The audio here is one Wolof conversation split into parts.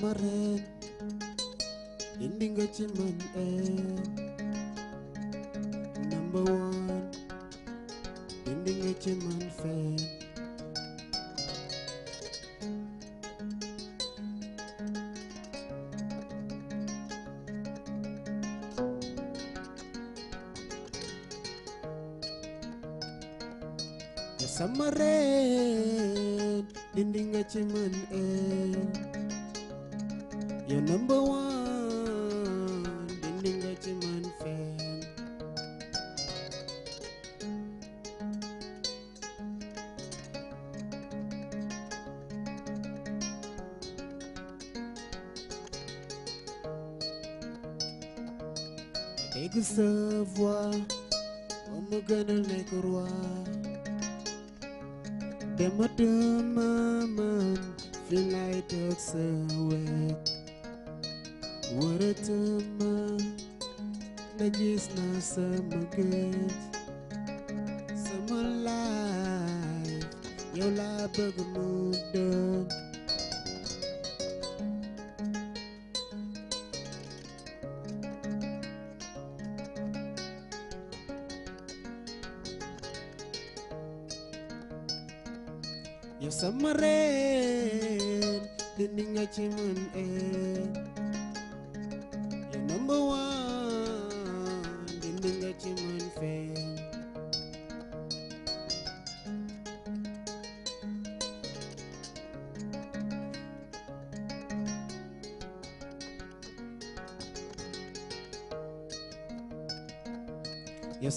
sama ren indi nga ci man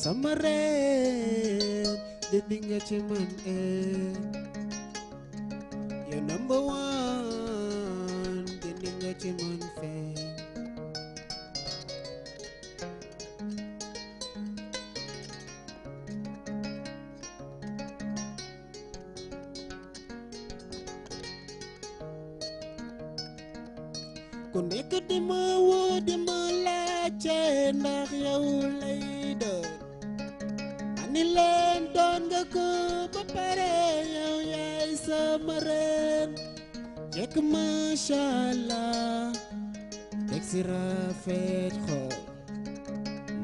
sama reen de dinga ci mën eh. reen doon nga yaay sama reen jekk masha Allah teg xool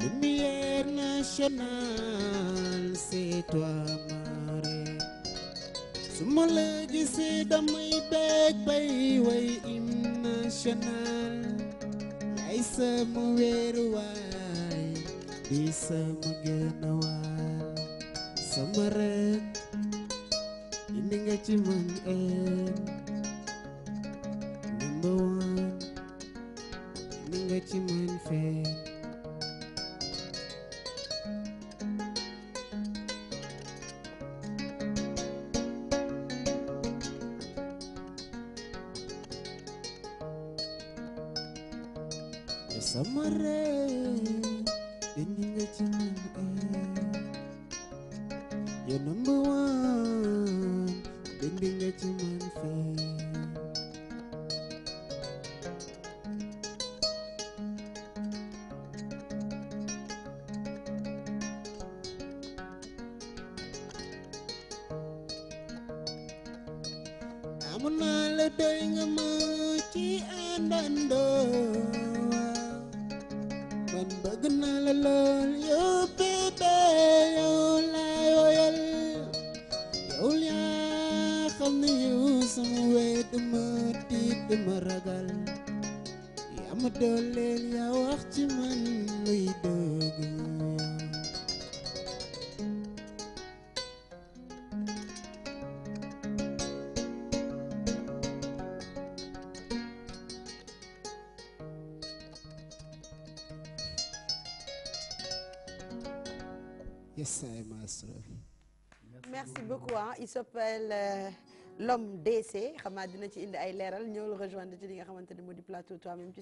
lumière nationale c'est toi ma su ma la gisee damay bay way hymne national yaay sama wéeruwaay di sama gënawaay sama Ini gak cuman end Number one Ini gak cuman fan DC xam naa dina ci indi ay leeral ñëw rejoindre ci li nga xamante ne moo di plateau toi-même tu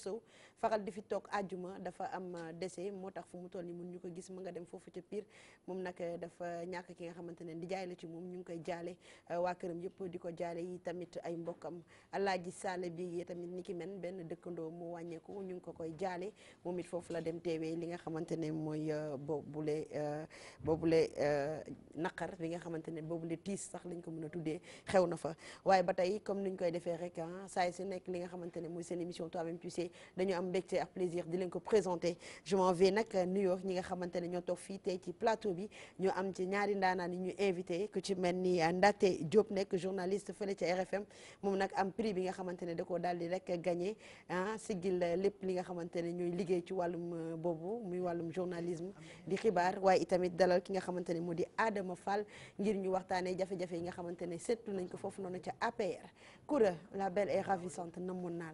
sow faral di fi toog àjjuma dafa am euh, décès moo tax fu mu toll nii mun ñu ko gis mu nga dem foofu ca Pire moom nag euh, dafa ñàkk ki nga xamante ne di jaay la ci moom ñu ngi koy jaale euh, waa këram yëpp di ko jaale yi tamit ay mbokkam alaaji saale bi yi tamit ni ki men benn dëkkandoo mu wàññeeku ñu ngi ko koy jaale moom it foofu la dem teewee li nga xamante ne mooy boobule boobule naqar bi nga xamante ne boobule tiis sax lañ ko mën a tuddee xew na fa waaye ba tey comme niñ koy defee rek ah nekk li nga xamante ne mooy seen émission toi dañu am mbégte ak plaisir di leen ko présenter je m'en vais nak New York ñi nga xamante ne ñoo tok fi tey ci plateau bi ñu am ci ñaari ndana ni ñu invité ku ci melni euh, Ndaté job nek journaliste fele ci RFM mom nak am prix bi nga xamante ne da koo daal rek gagner hein, ah sigil lepp li nga xamante ne ñooy liggéey ci walum euh, bobu muy walum journalisme di xibar way itamit dalal ki nga xamante modi Adama Fall ngir ñu waxtaanee jafé jafé yi nga xamante ne seetlu nañ ko fofu nonu ci APR Koura la belle et ravissante namoon la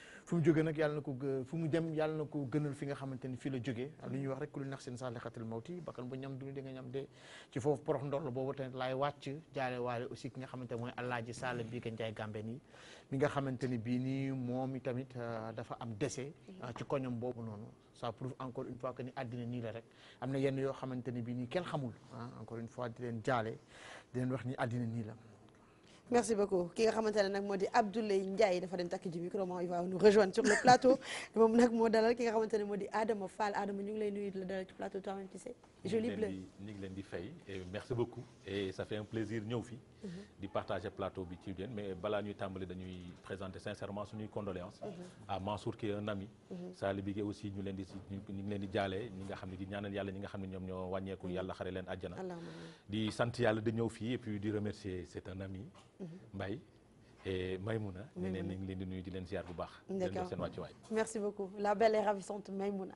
fu mu jóge nag yàlla na ko fu mu dem yàlla na ko gënal fi nga xamante ni fii la jógee mm-hmm. lu ñuy wax rek lu nax seen sax lexatal mawti bakkan bu ñam dund di nga ñam de ci foofu porox ndorl boobu tamit laay wàcc jaale waale aussi ki nga xamante mooy Alaaji Sall bii nga Njaay Gambe nii mi nga xamante ni bii nii moom tamit euh, dafa am décès mm-hmm. euh, ci koñom boobu noonu ça prouve encore une fois que ni àddina nii la rek am na yenn yoo xamante ni bii nii kenn xamul ah encore une fois di leen jaale di leen wax ni àddina nii la merci beaucoup ki nga xamante ne nag Abdoulaye Ndiaye dafa dem takk ji micro il va nous rejoindre sur le plateau Mom nak mo dalal ki nga xamantene ne moo Adama Fall Adama ñu ngi lay nuyu di la dalal ci plateau toi-même tu sais je bleu merci beaucoup et ça fait un plaisir ñëw fi. Mhm. di partager plateau bi ci yéen mais balaa ñuy tàmbali dañuy présenter sincèrement suñuy condoléances. Mhm. à Mansour qui est un ami. Mhm. Sali Bigué aussi ñu leen di si ñu ngi leen di jaalee ñi nga xam di ñaanal yalla ñi nga xam ne ñoom ñoo wàññeeku yalla xaré len aljana di sant yalla de ñëw fi et puis di remercier c'est un ami. Mbaye. et Maïmouna ñu ngi di nuyu di len ziar bu baax. d'accord merci beaucoup la belle et ravissante Maimouna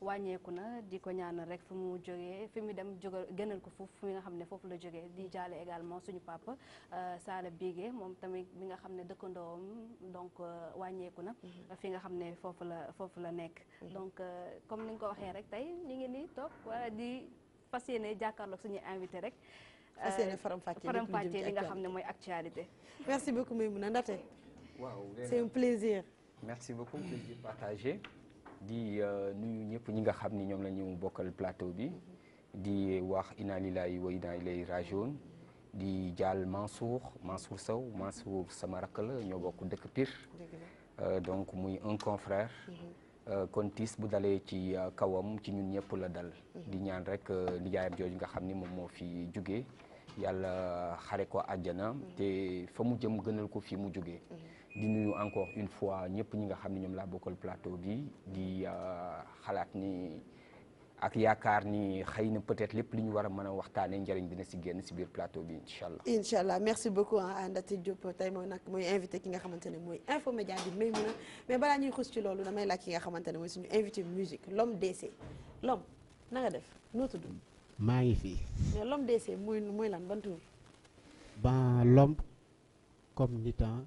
wàññeeku na di ko ñaanal rek fi mu jógee fi mu dem jógal gënal ko foofu fi nga xam ne foofu la jógee di jaale également suñu papa euh, Sala Bigué moom tamit mi nga xam ne dëkkandoom donc euh, wàññeeku na mhm. fi nga xam ne foofu la foofu la nekk mhm. donc euh, comme ni nga ko waxee rek tey ñu ngi ni toog wala di fas yéene jàkkaarloog suñu invité rek fas yéene faram fàccee li nga xam ne mooy actualité merci beaucoup Maimouna Ndaté waaw c'est un plaisir merci beaucoup plaisir di euh, nuyu ñëpp ñi nga xam ni ñoom lañu bokkal plateau bi di wax inna lillahi wa inna ilayhi rajiun di jaal Mansour Mansour Sow Mansour sama rakk la ñoo bokk dëkk Pire euh, donc muy un confrère mhm. euh, kon tiis bu dalee ci kawam ci ñun ñëpp la dal mhm. di ñaan rek nijaayam jooju nga xam ni moom moo fi jugee yàlla xare ko àjjana mhm. te fa mu jëm gënal ko fi mu jugee di nuyu encore une fois ñëpp ñi nga xamni ñom la laa plateau bi di euh, xalaat ni ak yaakaar ni xëy peut-être lepp li ñu war a mën a dina ci génn ci biir plateau bi inshallah inshallah merci beaucoup hein, ah Ndati Diop tay moom nak moy invité ki nga xamante ne mooy Infomédia di Maimouna mais bala ñuy xus ci lolu damay laaj ki nga xamantene moy suñu invité musique l'homme DC l'homme na nga def no tudd. ma ngi fi. mais l'homme DC moy moy lan ban ba ben, l'homme comme nitan hein.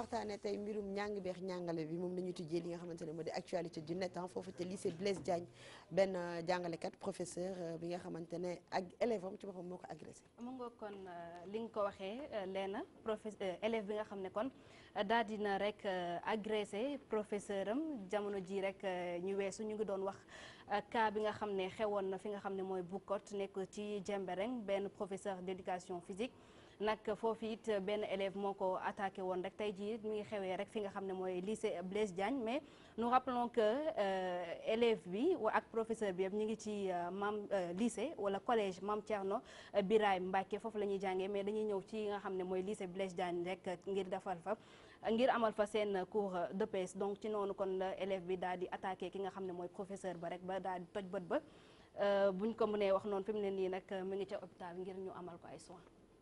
waxtaanee tay mbirum ñàng beex ñangalé bi mom lañu tijjee li nga xamante ne di actualité du net hein, fofu té lycée Blaise Diagne euh, jangalé kat professeur euh, bi nga xamante ak élève ci bopam moko agressé. kon euh, li ko waxé léna professeur élève bi nga xamné kon daal dina rek agressé professeuram jamono ji rek ñu weesu ñu ngi doon wax ka bi nga xamné xewon na fi nga xamné moy Boukot Bukot ci Jembereng benn professeur d'éducation physique nak foofu it euh, benn élève moo ko attaqué woon rek tey jii mi ngi xewee rek fi nga xamné moy lycée Blaise Diagne mais nous rappelons que euh, élève bi ak professeur bi ñi ngi ci euh, mam euh, lycée wala collège mam Thierno Biray Mbacké foofu lañuy jàngé mais dañuy ñëw ci nga xamné moy lycée Blaise Diagne rek ngir defal fa ngir amal fa seen cours de PS donc ci nonu kon la élève bi daal di attaqué ki nga xamné moy professeur ba rek ba daal di toj bët ba buñ ko mëne wax non fi ni nak nii nag ngi ca hôpital ngir ñu amal ko ay soins.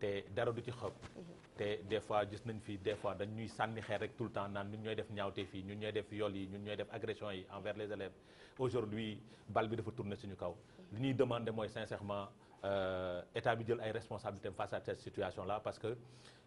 té dara du ci xëpp mhm. té des fois gis nañ fi des fois dañ ñuy sànni xeer rek tout le temps nan ñun ñooy def ñaawté fi ñun ñoy def viol yi ñun ñoy def agression yi envers les élèves aujourd'hui bal bi dafa tourner suñu kaw mhm. li ñuy demander moy sincèrement euh, état bi jël ay responsabilités face à cette situation là parce que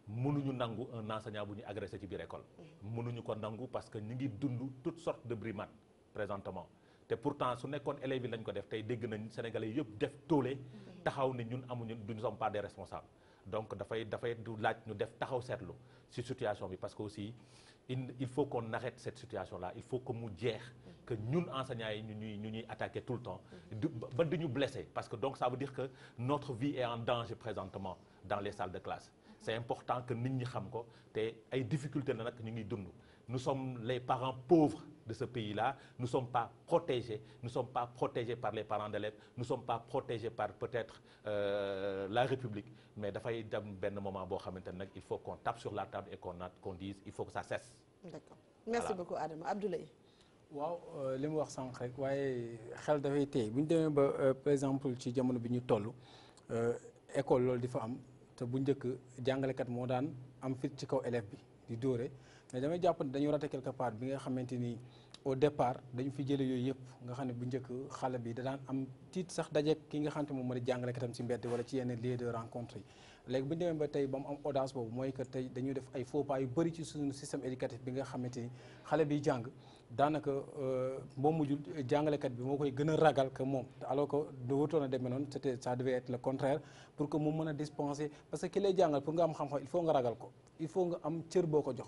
mënuñu nangu un enseignant bu ñu agressé ci biir école mhm. mënuñu ko nangu parce que ñu ngi dund toutes sortes de brimades présentement té pourtant su nekkoon élèves yi lañ ko def tay dégg nañ sénégalais yëpp def tolé taxaw ni ñun amuñu duñu sommes pas des responsables donc il faut du nous situation parce que aussi il faut qu'on arrête cette situation là il faut que nous disions que nous enseignants nous, nous nous tout le temps Nous nous nous blesser parce que donc ça veut dire que notre vie est en danger présentement dans les salles de classe c'est important que nous ñi xam ko a des difficultés que nous nous sommes les parents pauvres de ce pays-là. Nous ne sommes pas protégés. Nous ne sommes pas protégés par les parents d'élèves. Nous ne sommes pas protégés par peut-être euh, la République. Mais moment il faut qu'on tape sur la table et qu'on dise il faut que ça cesse. D'accord. Merci beaucoup Adama Abdoulaye. waaw euh, li mu wax sànq rek waaye xel dafay téye ba euh, par exemple ci jamono mon ñu toll euh, école loolu di fa am te bu njëkk jàngalekat moo daan am fit ci kaw élève bi di mais damay jàpp ne dañu raté quelque part bi nga xamante ni au départ dañu fi jële yooyu yëpp nga xam ne bu njëkk xale bi da daan am tiit sax daje ki nga xam moom ma di jàngalekatam si mbedd wala ci yenn lieu de rencontre bu ñu ba tey ba mu boobu mooy que tey dañuy def ay faux pas yu bëri ci suñu système éducatif bi nga xamante ni xale biy jàng daanaka boo euh, mujjul jàngalekat bi moo koy gën a ragal que moom alors ko du wutoon a demee noonu c'était ça devait être le contraire pour que mu mën a dispenser parce que ki lay jàngal pour nga am xam-xam il faut nga ragal ko il faut nga am cër boo ko jox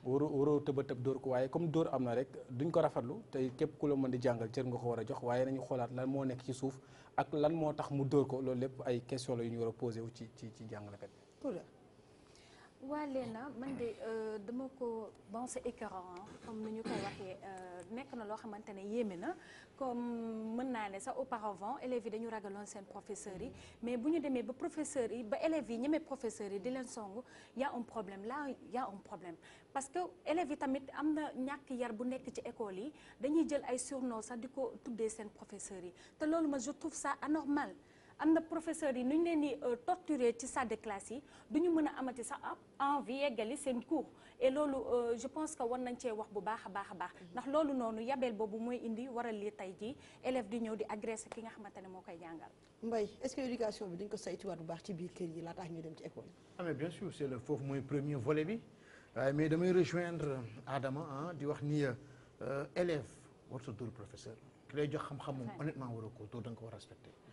waru waroo tëba tëb dóor ko waaye comme dóor am na rek duñ ko rafetlu te képp ku la mën di jàngal cër nga ko war a jox waaye nañu xoolaat lan moo nekk ci suuf ak lan moo tax mu dóor ko loolu lépp ay question la yu ñu war a posé wu ci ci ci jàngalekat bi waa Léna man de euh, dama ko bon c'est écœurant hein, comme ni ñu ko waxee euh, nekk na loo xamante ne yéeme na comme mën naa ne sax auparavant élèves yi dañu ragaloon seen professeurs yi mais bu ñu demee ba professeurs yi ba élèves yi ñemee professeurs yi di leen songu y a un problème là il y a un problème parce que élèves yi tamit am na ñàkk yar bu nekk ci école yi dañuy jël ay surnom sax di ko tuddee seen professeurs yi te loolu ma je trouve ça anormal am professeur yi nuñ ñu leen di euh, torturer ci salle de classe yi duñu ñu mën a amati sax envie yeggali seen cours et loolu euh, je pense que war nañ cee wax bu baax a baax a baax mm-hmm. ndax loolu noonu yabeel boobu mooy indi waral li tey jii élève di ñëw di agressé ki nga xamante ne moo koy jàngal. Mbaye est-ce que éducation bi dañ ko saytuwaat bu baax ci biir kër yi tax ñuy dem ci école yi. ah mais bien sûr c'est le foofu mooy premier volet bi waaye mais damay rejoindre Adama ah di wax ni euh, élève warut a professeur ki lay jox xam-xam moom honnêtement waroo ko dóor da nga ko war a respecté.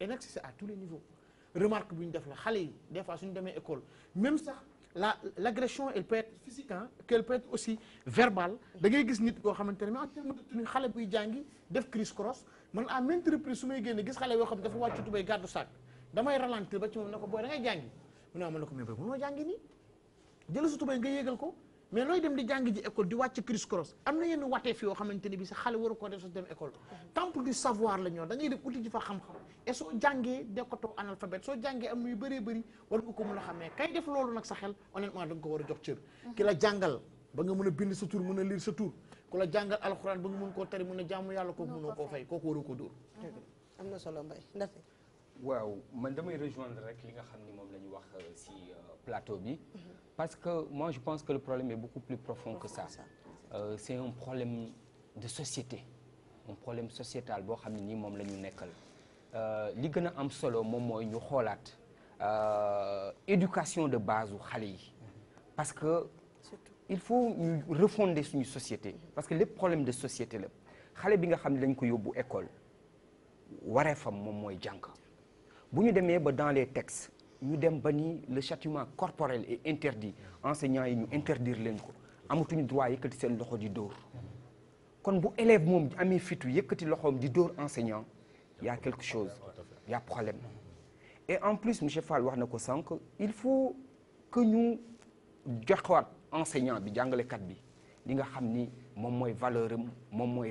et nag c'est à tous les niveaux remarque bu ñu def la xale des fois suñu demee école même ça l'agression elle peut être physique hein qu'elle peut être aussi verbale da ngay gis nit koo xamante mais en terme de tenue xale buy jàngi def criss cross man à maintes reprises su may génne gis xale yoo xam dafa wàccu tubéy gàddu sac damay ralentir ba ci moom ne ko booy da ngay jàngi mu ne ah, ma ne ko mais ba ni, jàngi nii jël sa tubéy nga yéegal ko mais looy dem di jàng ji école di wàcc criss cross am na yenn wateef yoo xamante ne bi sa xale waru koo def sa dem école temple du savoir la ñoo da ngay na yu bëree bëri war nga ko mën def loolu nag sa xel honnêtement da nga ko war a jox cër ki la jàngal ba nga a bind sa tur mën a lire sa tur koo tari mën a jaamu yàlla kooku mënoo koo fay kooku waru ko dóor am na solo mbay ndafe waaw man damay rejoindre rek li nga xam ni moom la ñu wax euh, si euh, plateau bi mhm. Parce que moi, je pense que le problème est beaucoup plus profond que ça. Euh, c'est un problème de société. Un problème sociétal. Ce ne nous euh, euh, éducation de base ou parce que il faut refonder notre société parce que les problèmes de société qui xale bi nga ne école l'école. dans les textes ñu dem ba le châtiment corporel est interdit Enseignant, il nous interdire leen ko amatuñu droit yëkkati seen loxo di dóor kon bu élève moom amee fitu yëkkati loxoom di dóor enseignant y a quelque chose il y a problème et en plus monsieur Fall wax na ko sànq il faut que ñu joxaat enseignant bi jàngalekat bi li nga xam ni moom mooy valeur am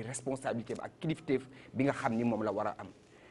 responsabilité bi ak kilifteef bi nga xam ni la war a am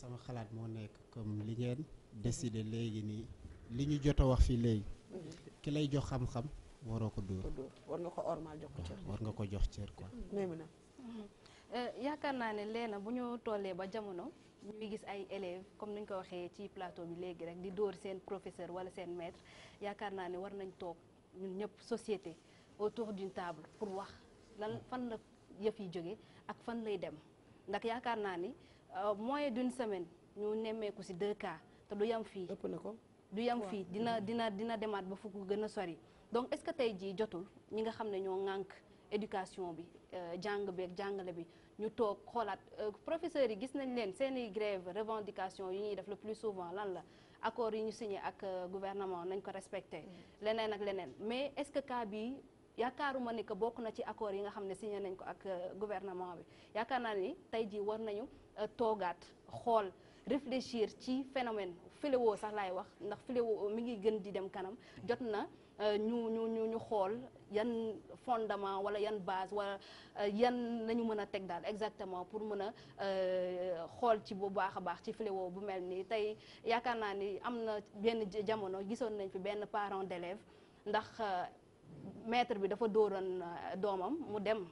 sama xalaat moo nekk comme li ngeen décider léegi nii li ñu jot a wax fii léegi mm-hmm. ki lay jox xam-xam waroo ko dóor war nga ko ormal jox ko cër war nga ko jox cër quoi mm-hmm. Maymuna mm-hmm. Eh, yaakaar naa ne leena bu ñu tollee ba jamono ñuy gis ay élèves comme ko ci plateau bi rek di dóor sen professeur wala seen maître yaakaar naa ne war nañ tok ñun ñëpp société autour d'une table pour wax lan fan la yëf yi ak fan lay dem ndax yaakaar naa ni Euh, moins d'une semaine ñu nemmeeku ci de cas te du yam fii. ëpp na ko du yam fii dina dina dina demaat ba fukk gën a sori. donc est-ce que tey jii jotul ñi nga xam ne ñoo ŋànk éducation bi euh, jàng bi ak jàngale bi ñu toog xoolaat euh, professeurs yi gis nañ leen seeni grève revendication yi ñuy def le plus souvent lan la accord yi ñu signé ak gouvernement nañ ko respecté. Mm. leneen ak leneen mais est-ce que cas bi yaakaaruma ni que bokk na ci accord yi nga xam ne signé nañ ko ak gouvernement bi yaakaar naa ni tey jii war nañu. toogaat xool réfléchir ci phénomène fléau sax laay wax ndax fléau mi ngi gën di dem kanam jot na ñu ñu ñu ñu xool yan fondement wala yan base wala yan lañu mën a teg daal exactement pour mën a xool ci bu baax a baax ci fléau bu mel nii tey yaakaar naa ni am na benn jamono gisoon nañ fi benn parent d'élève ndax maître bi dafa dóoroon doomam mu dem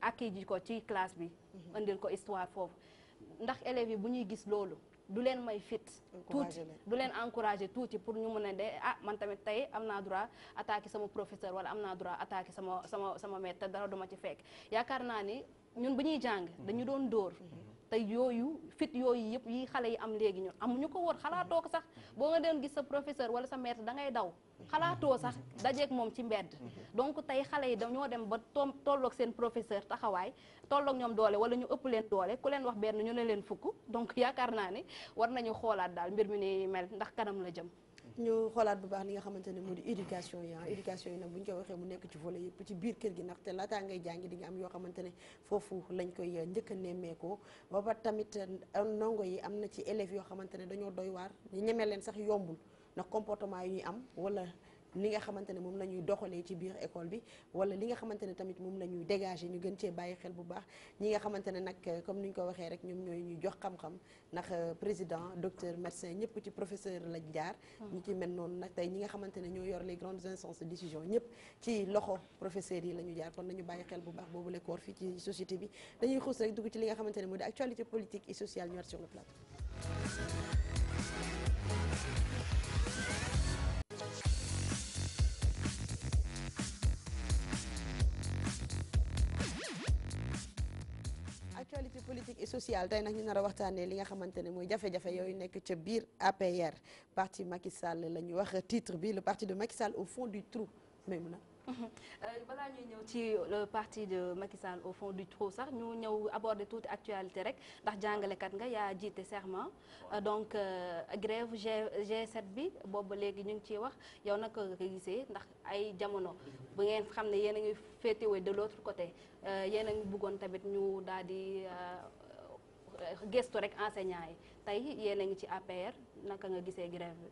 accueilli ko ci classe bi indil ko histoire foofu ndax élèves yi bu ñuy gis loolu du leen may fit tuuti du leen encouragé tuuti pour ñu mën a de ah man tamit tey am na droit attaqué sama professeur wala am na droit attaqué sama sama sama maître dara duma ci fekk yaakaar naa ni ñun bu ñuy jàng dañu doon dóor mm-hmm. te yooyu fit yooyu yëpp yi xale yi am léegi ñun amuñu ko woon xalaatoo ko sax boo nga doon gis sa professeur wala sa maître da ngay daw xalaatoo sax dajeeg moom ci mbedd donc tey xale yi dañoo dem ba toom tolloog seen professeur taxawaay tolloog ñoom doole wala ñu ëpp leen doole ku leen wax benn ñu ne leen fukk donc yaakaar naa ne war nañu xoolaat daal mbir mi ni mel ndax kanam la jëm ñu xolaat bu baax li nga xamante ne moo di éducation yi ah éducation yi nag bu ñu ko waxee mu nekk ci volet yëpp ci biir kër gi ndaxte laataa ngay jàngi di nga am yoo xamante ne foofu lañ koy eh, njëkk a nemmeekoo ba ba tamit eh, ndongo yi am na ci élèves yoo xamante ne dañoo doy waar ñu ñeme leen sax yombul ndax comportement yu ñuy am wala li nga xamante ne moom la ñuy ci biir école bi wala li nga xamante tamit moom lañuy dégager ñu gën ci baye xel bu baax ñi nga xamante nak euh, comme niñ ko waxé rek ñom ñoy ñuy jox xam-xam nak euh, président docteur médecin ñepp ci professeur lañ jaar hmm. ñi ci mel non nak tay ñi nga xamante ñoy yor les grandes instances de décision ñepp ci loxo professeur yi lañu ñu jaar kon nañu baye xel bu baax bobu le corps fi ci société bi dañuy xuus rek dugg ci li nga xamante ne di actualité politique et sociale ñu sur le plateau sociale tey nak ñu nar waxtane li nga xamantene moy jafé jafé jafe nekk ci biir APR parti Macky Sall lañu wax titre bi le parti de Macky Sall au fond du trou même na euh, balaa ñuy ñëw ci le parti de Macky Sall au fond du trou sax ñu ñëw aborder toute actualité rek ndax jangale kat nga ya jité serment euh, donc euh, grève G 7 bi bobu légui ñu ngi ciy wax yow nak nga ndax ay jamono bu ngeen xamné ne yéen fété ngi de l'autre côté yéen a ngi bëggoon tamit ñu daal Euh, gëstu rek enseignant yi tey yéen a ngi ci APR naka nga gisee grève bi.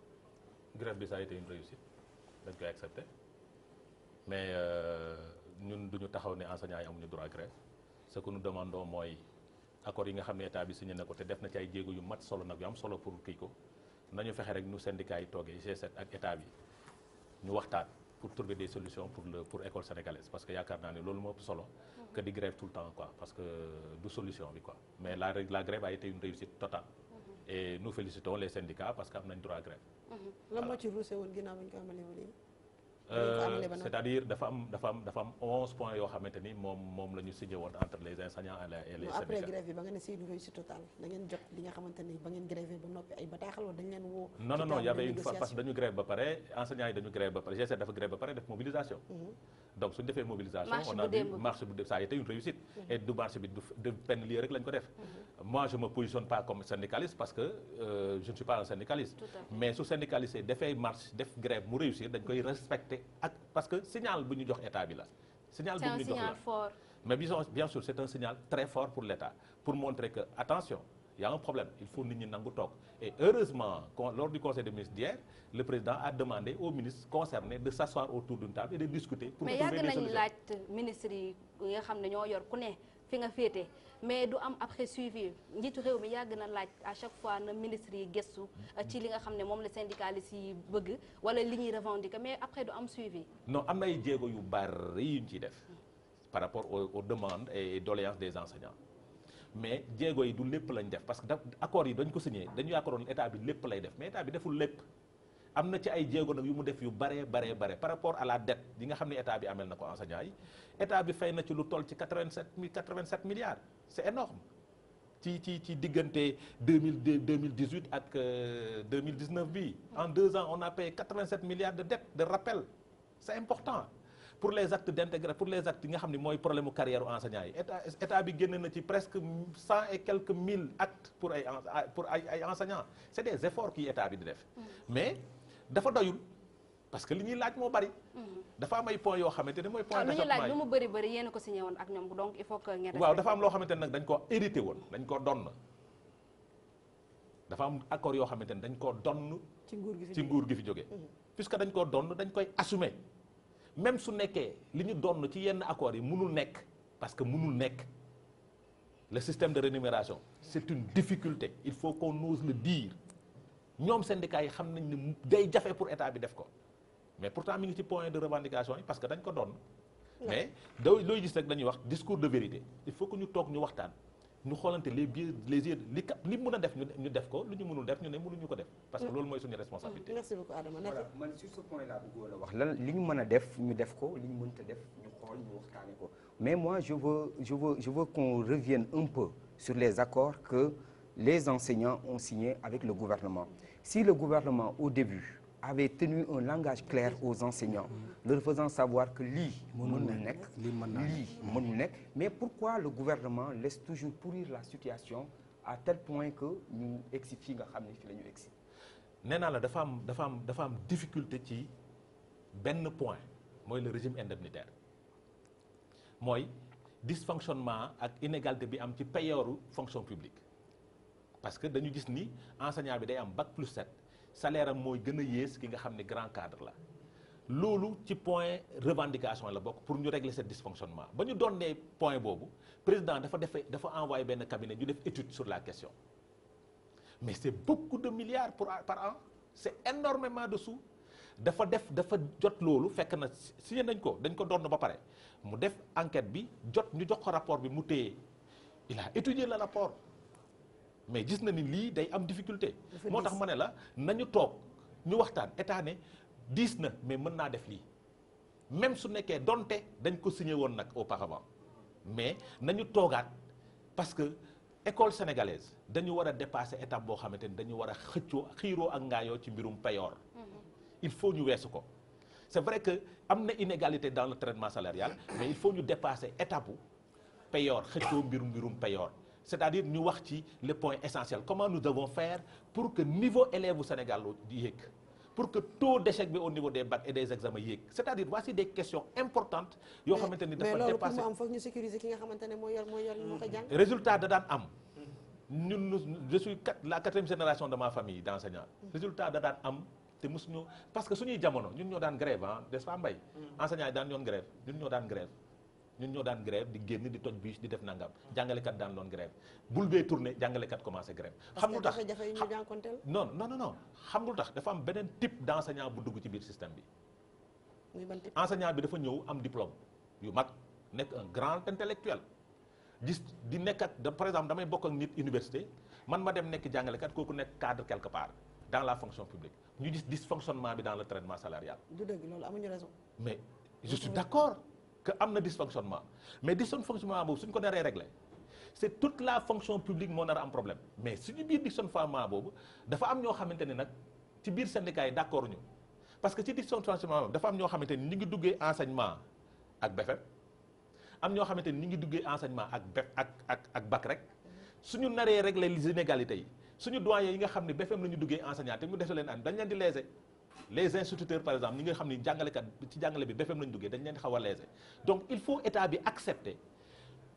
grève bi ça a été une réussite dañ koy accepté mais euh, ñun duñu taxaw ne enseignants yi amuñu droit grève ce que nous demandons mooy accord yi nga xam ne état bi signé na ko te def na ci ay jéego yu mat solo nag yu am solo pour kii ko nañu fexe rek nu syndicats yi toogee g ak état bi ñu waxtaan. pour trouver des solutions pour le pour sénégalaise parce qu'il y a ne loolu solo. que des grèves tout le temps quoi parce que du solution quoi mais la la grève a été une réussite totale. Mhm. et nous félicitons les syndicats parce qu'ils ont droit à grève. Mhm. Euh, c'est-à-dire dafa am dafa am dafa points qui ont été moom entre les enseignants et les syndicats après grève bi ba nga une réussite totale da ngeen une li nga xamante ba grève ba ay dañ leen non non Il y avait une fois parce que dañu grève ba pare enseignants yi dañu grève ba pare G7 dafa grève ba pare def mobilisation mhm. donc suñu defee mobilisation on a vu marche bu ça a été une réussite mhm. et du marché bi du liée avec rek lañ mhm. moi je ne me positionne pas comme syndicaliste parce que euh, je ne suis pas un syndicaliste mais sous syndicaliste faits marche def grève mu réussir dañ koy respecter parce que signal bu ñu jox état bi signal fort. mais bien sûr c'est un signal très fort pour l'État pour montrer que attention il y a un problème il faut que nous nous et heureusement lors du conseil des ministres d'hier le président a demandé aux ministres concernés de s'asseoir autour d'une table et de discuter. pour mais trouver des solutions mais ministres nga été ne ñoo yor ku mais du am après suivi njiitu réew mi yàgg na laaj à chaque fois na ministre yi gëstu euh, ci li nga xam mom moom la syndicaliste yi bëgg wala li ñi revendiquer mais après du am suivi. non am nay jéego yu bari yu ci def par rapport aux, aux demandes et doléances des enseignants mais jéego yi du lepp lañ def parce que accord yi dañ ko signé dañu yaakaaroon état bi lepp lay def mais état bi deful lepp il ci ay jéego nag yu mu def yu par rapport à la dette yi nga xam état amel ko enseignants état bi fay na ci lu 87 milliards c'est énorme ci ci ci diggante 2018 ak 2019 euh, bi en deux ans on a payé 87 milliards de dette de rappel c'est important pour les actes d'intégration pour les actes yi nga xam ne mooy problème carrière enseignants yi état état presque 100 et quelques mille actes pour ay pour ay enseignants c'est des efforts qui état bi di mm. mais dafa doyul parce que liñuy laaj mo bari. dafa am ay points yoo xamante ne point ah, dafa may yi lu mu bari bari yéen ko signé woon ak ñom donc il faut que ngeen. waaw dafa am lo xamanteni nak dañ ko hérité won dañ ko don dafa am accord yo xamanteni dañ ko don ci nguur gi ci nguur gi fi joggé mhm. puisque dañ ko don dañ koy assumer même su nekké liñu don ci yenn accord yi mënul nekk parce que mënul nekk le système de rémunération c'est une difficulté il faut qu'on ose le dire ñom syndicat yi xam nañ ne day jafé pour état bi def ko mais pourtant mi ngi ci point de revendication yi parce que dañ ko doon. mais da looy gis rek dañuy wax discours de vérité il faut que ñu tok ñu waxtaan ñu xolante les les li kat li mën def ñu ñu def ko lu ñu mënul def ñu ne mënuñu ko def. parce que lool moy suñu responsabilité. merci beaucoup Adama voilà man sur ce point là bëggoon a wax lan li ñu mën def ñu def ko li ñu mënta def ñu xol ñu waxtane ko mais moi je veux je veux je veux qu'on revienne un peu sur les accords que les enseignants ont signé avec le gouvernement. Si le gouvernement, au début, avait tenu un langage clair aux enseignants, mm. leur faisant savoir que li monunek, li mais pourquoi le gouvernement laisse toujours pourrir la situation à tel point que nous exifions nga nous néna la dafa am dafa am dafa am difficulté point moi le régime indemnitaire le dysfonctionnement ak inégalité bi am ci fonction publique parce que dañu gis ni l'enseignant bi day am bac plus 7 salaire est mooy gën a ce ki nga xam grand cadre la loolu ci point revendication pour nous régler ce dysfonctionnement nous donnons un point le président dafa defee dafa envoyé benn cabinet ñu def étude sur la question mais c'est beaucoup de milliards par an c'est énormément de sous dafa def dafa jot loolu fekk na signé nañ ko dañ ko doon ba mu def enquête bi jot ñu jox rapport bi mu il a étudié le rapport mais gis na ni lii day am difficulté. moo tax ma ne la nañu toog ñu waxtaan état ne diis na mais mën naa def lii même su nekkee donte dañ ko signé woon nag auparavant mais nañu toogaat parce que école sénégalaise dañu war a dépasser étape boo xamante ni dañu war a xëccoo xiiroo ak ngaayoo ci mbirum payoor. Mm-hmm. il faut ñu weesu ko. c'est vrai que am na inégalité dans le traitement salarial mais il faut ñu dépasser étape bu payoor xëccoo mbirum mbirum payoor. c'est-à-dire nous wax ci les points essentiels comment nous devons faire pour que le niveau élève au Sénégal di pour que taux d'échec au niveau des bacs et des examens yek c'est-à-dire voici des questions importantes yo xamanteni dafa dépasser mais loolu pour ñu sécuriser ki nga xamanteni ne moo yor moo yor ko mm-hmm. résultat da daan am je suis la quatrième génération de ma famille d'enseignants mm-hmm. résultat da daan am té parce que suñu jamono ñun ñoo daan grève ah n'est-ce pas mbay mm-hmm. enseignants yi daan grève ñun ñoo daan grève ñun ñoo daan grève di génn di toj bus di def nangam kat daan doon grève bul bee tourné kat commencé grève xam lu tax non non non non xam lu tax dafa am beneen type d' enseignant bu dugg ci biir système bi enseignant bi dafa ñëw am diplôme yu mag nekk un grand intellectuel gis di ak par exemple damay bokk ak nit université man ma dem nekk kat kooku nekk cadre quelque part dans la fonction publique ñu gis dysfonctionnement bi dans le traitement salarial. du dëgg loolu amuñu raison. mais je suis d'accord que am dysfonctionnement mais dysfonctionnement boobu suñ ko daree réglé c'est toute la fonction publique moo a am problème mais suñu biir dysfonctionnement boobu dafa am ñoo xamante ne nag ci biir syndicat yi d'accord ñu parce que ci dysfonctionnement dafa am ñoo xamante ni ñu ngi duggee enseignement ak BFEM am ñoo xamante ni ñu ngi duggee enseignement ak BEF e ak ak ak BAC rek suñu naree régler les inégalités yi suñu doyen yi nga xam ne BFEM la ñu duggee enseignant te mu def leen an dañ leen di léser les instituteurs par exemple ni nga xamni jangale kat ci jangale bi befem lañ duggé dañ leen xaw a léser donc il faut état bi accepter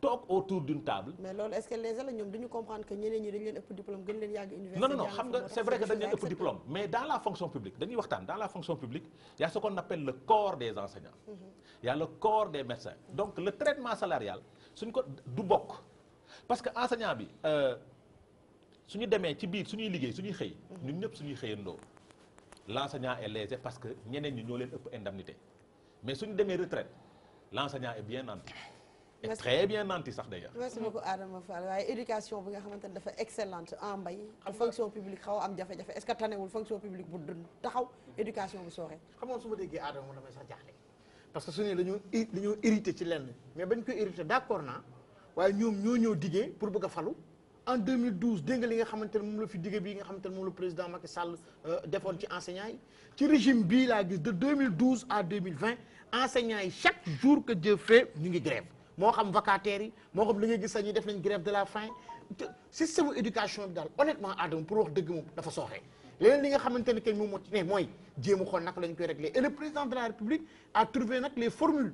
tok autour d'une table. mais lolou est-ce que les élèves ñom duñu comprendre que ñeneen ñi dañ leen ëpp diplôme gën leen yag université. non non non xam nga c'est vrai que dañ leen ëpp diplôme mais dans la fonction publique dañuy waxtaan dans la fonction publique il y a ce qu'on appelle le corps des enseignants. Mm-hmm. il y a le corps des médecins. donc le traitement salarial suñ ko du bok parce que enseignant bi euh, suñu démé ci biir suñuy liggéey suñuy xey mm-hmm. ñun ñëpp suñuy xëyandoo l'enseignant est lésé parce que ñeneen ñi ñoo leen ëpp indemnité mais suñu demee retraite l'enseignant est bien nanti est très bien nanti sax d'ailleurs merci beaucoup Adama Fall waaye éducation bi nga xamante dafa excellente en mbay fonction publique xaw am jafe-jafe est-ce que tanewul fonction publique bu dund taxaw éducation bu sooxee xam nga su ma déggee Adama damay sax jaaxle parce que suñu dañu dañu dañoo hérité ci lenn mais bañ koy hérité d'accord na, waaye ñoom ñoo ñëw diggee pour bëgg a falu en 2012 dégg nga li nga xamante ne moom la fi digg bi nga xamante ne moom la président Macky Sall euh, defoon ci enseignants yi ci régime bii laa de 2012 à 2020 enseignants chaque jour que Dieu fait ñu ngi grève moo xam vacataires yi moo xam li nga gis sax ñuy def nañ grève de la faim système éducation bi daal honnêtement Adama pour wax dëgg moom dafa sooxee léeg li nga xamante ne kañ moom moo ci ne mooy jéem a xool naka la ñu et le président de la République a trouvé nag les formules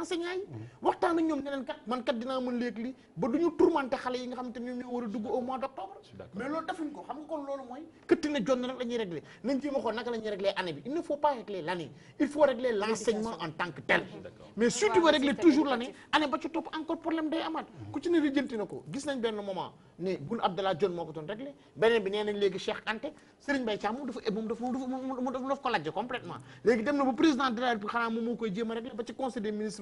enseignants yi waxtaan ak ñoom ne kat man kat dinaa mën léegi li ba du ñu tourmenté xale yi nga xam te ñoom ñoo war a dugg au mois d' mais loolu dafa moom dafa moom dafa ko lajje complètement léegi dem na ba président de la xanaa moom moo koy jéem a ba ci conseil des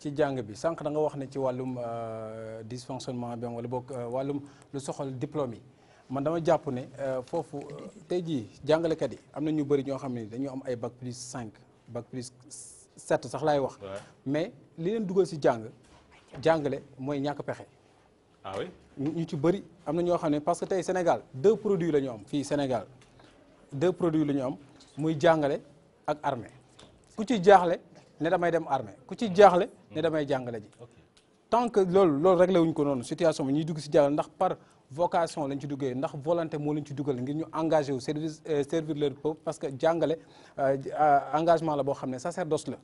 ci jàng bi sànq da nga wax ne ci wàllum euh, dysfonctionnement bi wala boog euh, wàllum lu soxal diplôme yi man dama jàpp ne euh, foofu tey jii jàngalekat yi am na ñu bëri ñoo xam ne dañoo am ay bac plus 5 bac plus 7 sax laay wax. mais li leen dugal si jàng jàngale mooy ñàkk pexe. ah ñu ci bëri am na ñoo xam ne parce que tey Sénégal deux produits la am fii Sénégal deux produits la ñu am muy jàngale ak armée ku ci jaaxle. ne damay dem armée ku ci jaxlé ne damay jàngale ji tant que lool lool réglé wuñ ko non situation ñi dugg ci jàngale ndax par vocation lañ ci duggé ndax volonté mo lañ ci duggal ngir ñu engager au service euh, servir leur peuple parce que jàngale euh, euh, engagement la boo xam ne sacerdoce la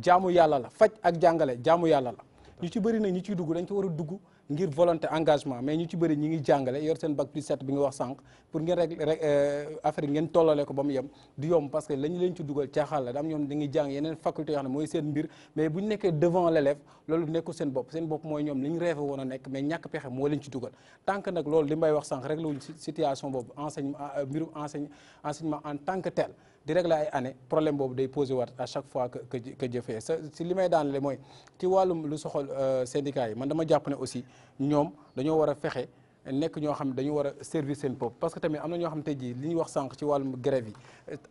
jaamu yalla la fajj ak jàngale jaamu yalla la ñu ci bari na ñi ci dugg dañ ci wara dugg ngir volonté engagement mais ñu ci bëri ñi ngi jàngalé yor seen bac plus 7 bi nga wax sank pour ngeen rek rek euh, affaire yi ngeen tollale ko ba mu yem du yom parce que lañ leen ci dugal caaxaan la da am ñoom da jàng yeneen faculté yo xam ne mooy seen mbir mais bu ñu devant l'élève lolu nekkul seen bop seen bop mooy ñom liñ ñu wona woon nekk mais ñak pexé mo leen ci duggal tant que nak loolu li may wax sank rek la situation bop enseignement euh, mbirum enseigne enseignement en tant que tel Dire que ay année problème bobu day poser waat à chaque fois que que jëfee sa si li may daanale mooy ci walum lu soxol euh, syndicat yi man dama japp ne aussi ñom dañoo wara fexé nek ñoo xam dañu wara service sen pop parce que tamit amna ñoo xam tay ji li ñuy wax sank ci walum grève yi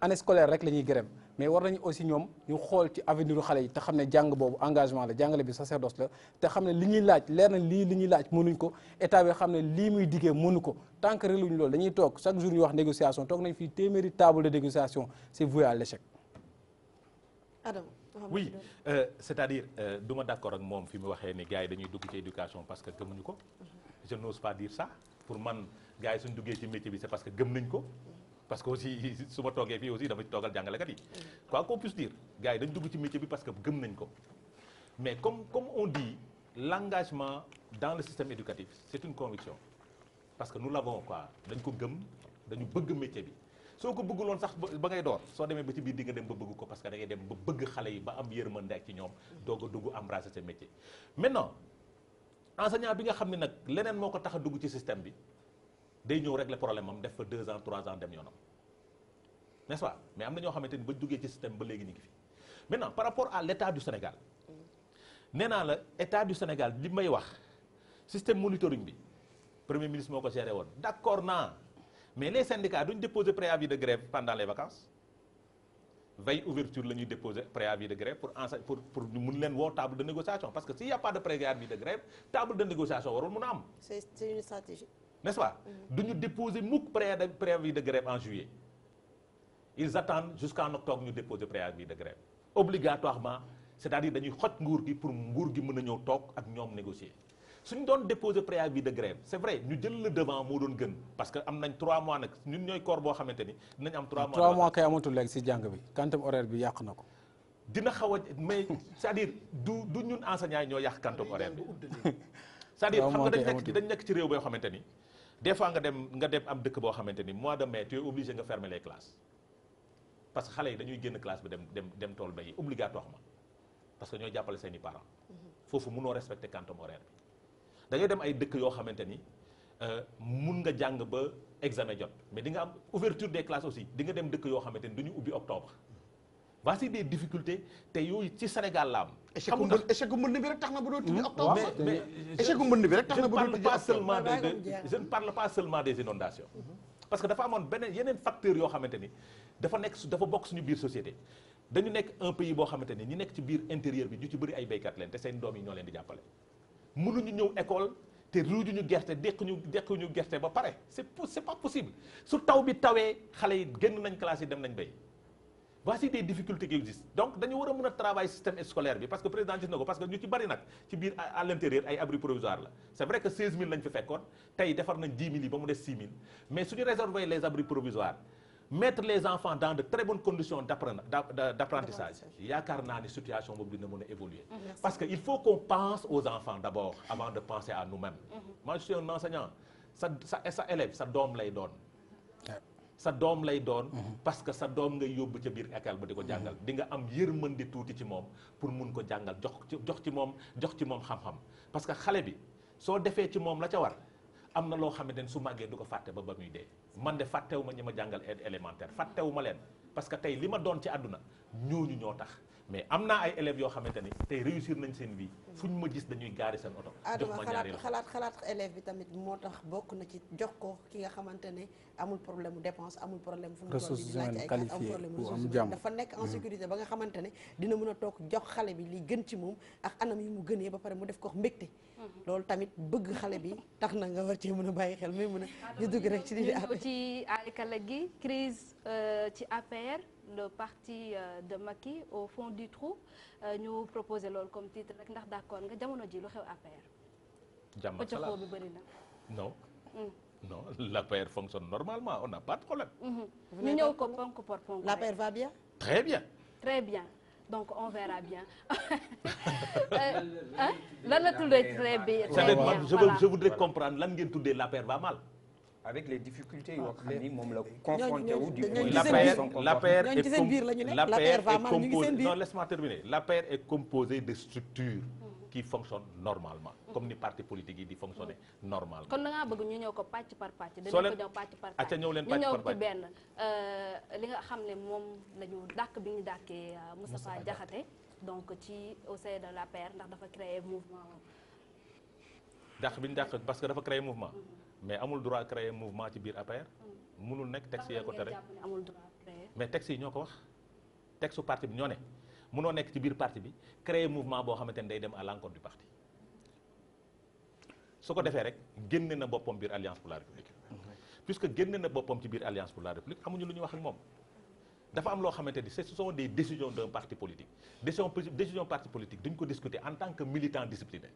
année scolaire rek lañuy ñuy grève mais war nañu aussi ñom ñu xol ci avenir xalé yi te xam jang bobu engagement la jangale bi sacerdoce la te xam ne li ñuy laaj leer na lii li ñuy laaj mënuñ ko état bi xam li muy diggee mënu ko tant que reluñu loolu dañuy tok chaque jour ñu wax négociation tok nañ fi téeméeri table de négociation c'est voué à l'échec Adam oui euh, c'est-à-dire euh, du ma d'accord ak mom fi mu waxé né gaay dañuy dugg ci éducation parce que gëmuñu ko mhm. je n'ose pas dire ça pour man gars yi suñ duggee ci métier bi c'est parce que gëm nañ ko parce que aussi su ma toogee fii aussi dama ci toogal jàngalekat yi quoi qu'on puisse dire gars yi dañ dugg ci métier bi parce que gëm nañ ko mais comme comme on dit l'engagement dans le système éducatif c'est une conviction parce que nous l'avons quoi dañ ko gëm dañu bëgg métier bi soo ko bëgguloon sax ba ngay door soo demee ba ci biir di nga dem ba bëgg ko parce que da dem ba bëgg xale yi ba am yërmande ak ci ñoom doog a dugg embrasser ce enseignant bi nga xam ne nag leneen moo ko tax dugg ci système bi day ñëw régler problème am def fa deux ans trois ans dem yoonam n'est-ce pas mais am na ñoo xamante ni ba duggee ci système ba léegi ñu ngi fii fi maintenant par rapport a l'état du Sénégal nee naa la état du Sénégal li may wax système monitoring bi premier ministre moo ko géré woon d'accord naa mais les syndicats duñ déposer préavis de grève pendant les vacances veille ouverture la déposer préavis de grève pour nous pour pour la table de négociation parce que s'il n'y a pas de préavis de grève table de négociation warul ne am. c'est une stratégie. n'est-ce pas. Nous mm-hmm. déposer mouk préavis de grève en juillet. ils attendent jusqu'en octobre nous déposer préavis de grève obligatoirement c'est-à-dire dañuy nous nguur pour nous gi négocier suñ doon déposé préavis de grève c'est vrai ñu jël le devant mo doon gën parce que am nañ 3 mois nak ñun ñoy corps bo xamanteni dinañ am 3 mois 3 mois kay amatu léegi ci jang bi quantum horaire bi yàq nako dina xawa a mais c'est-à-dire du du ñun enseignant ñoy ñoo yàq horaire bi c'est-à-dire xam nga dañ nekk dañ nek ci réew bo xamanteni des fois nga dem nga dem am dëkk boo xamante ni mois de mai tu es obligé nga fermer les classes parce que xale yi dañuy génn classe bi dem dem dem tool ba yi obligatoirement parce que ñooy jàppale seen i parents mhm. foofu mënoo respecter quantum horaire bi da dem ay dëkk yoo xamante ni euh, mun nga jàng ba examen jot mais di nga am ouverture des classes aussi di nga dem dëkk yoo xamante ni du ñu ubbi octobre. voici des difficultés te yooyu ci Sénégal la am. xam nga gu mbënd bi rek tax na bu doon tijji octobre. mais échec gu mbënd bi rek tax na bu doon tijji octobre je des inondations. Mhm. parce que dafa amoon beneen yeneen facteurs yoo xamante ni dafa nekk dafa bokk suñu biir société. dañu nekk un pays boo xamante ni ñi nekk ci biir intérieur bi ci bëri ay béykat leen te seen yi ñoo leen di jàppale. mënuñu ñëw école te ruujuñu gerte dekkuñu dekkuñu gerte ba pare c'est c'est pas possible su taw bi tawee xale yi génn nañ classe yi dem nañ bay voici des difficultés qui existent donc dañu war a mën a travail système scolaire bi parce que président gis na ko parce que ñu ci bari nag ci biir à l'intérieur ay abri provisoire la c'est vrai que 16000 lañ fi fekkoon tey defar nañ 10000 yi ba mu des 6000 mais suñu réserver les abris provisoires mettre les enfants dans de très bonnes conditions d'apprentissage il y a situation boobu situation mën évoluer mm-hmm. parce qu'il faut qu'on pense aux enfants d'abord avant de penser à nous-mêmes mm-hmm. moi je suis un enseignant Ça ça élève ça donne les dons. sa donne lay dons mm-hmm. parce que sa donne nga yóbbu ci bir école ba diko jangal di nga am yërmande touti ci mom pour mun ko jangal jox jox ci jox ci mom xam-xam parce que xalé bi so des ci mom la ca war amna lo loo ne su choses. duko faté ba man de fàttewu ma ñi ma jàngal élémentaire fàttewu ma leen parce que tey li ma doon ci àdduna ñooñu ñoo tax mais am naa ay élèves yoo xamante ni tey réussir nañ seen vie fu ñu ma gis dañuy gaari seen oto jox ma ñaari la xalaat xalaat élève bi tamit moo tax bokk na ci jox ko ki nga xamante ne amul problème mu dépense amul problème fu mu ressources humaines qualifiées am jàmm dafa nekk en mm. sécurité ba nga xamante ne dina mën a toog jox xale bi li gën ci moom ak anam yi mu gënee ba pare mu def ko mbégte Mhm. loolu tamit bëgg xalé bi crise euh, le parti euh, de Maki au fond du trou euh, ñu proposer loolu comme titre rek ndax d'accord nga jamono ji lu l'APR mm. fonctionne normalement on n'a pas de problème mhm. l'APR va bien très bien très bien donc on verra bien. Là, tout est très bien. je voudrais comprendre tout de la paire va mal. avec les difficultés ah, yoo a la paire du est composée de structures. qui fonctionne normalement. comme ni parti politique yi di fonctionner normalement. kon da bëgg ñu ñëw ko pàcc par pàcc. soo leen ñëw par pàcc. ñëw leen pàcc par pàcc ñu euh, li nga xam ne moom la ñu dàkk bi ñu dàkkee euh, Moustapha Diakhaté donc ci au sein de l'APR ndax dafa créer mouvement. bi ñu dàq parce que dafa créer mouvement. Mm-hmm. mais amul droit créer mouvement ci biir APR. mënul mm-hmm. nekk texte yee ko tere amul droit créer mais texte yi ñoo ko wax texte parti bi ñoo ne. munoo nekk ci biir parti bi créer mouvement boo xamante ne day dem à l'encontre du parti su ko defee rek génne na boppam biir alliance pour la république puisque génne na boppam ci biir alliance pour la république amuñu lu ñu wax ak moom dafa am loo xamante ni ce sont des décisions d'un parti politique décision décision parti politique duñ ko discuter en tant que militant discipliné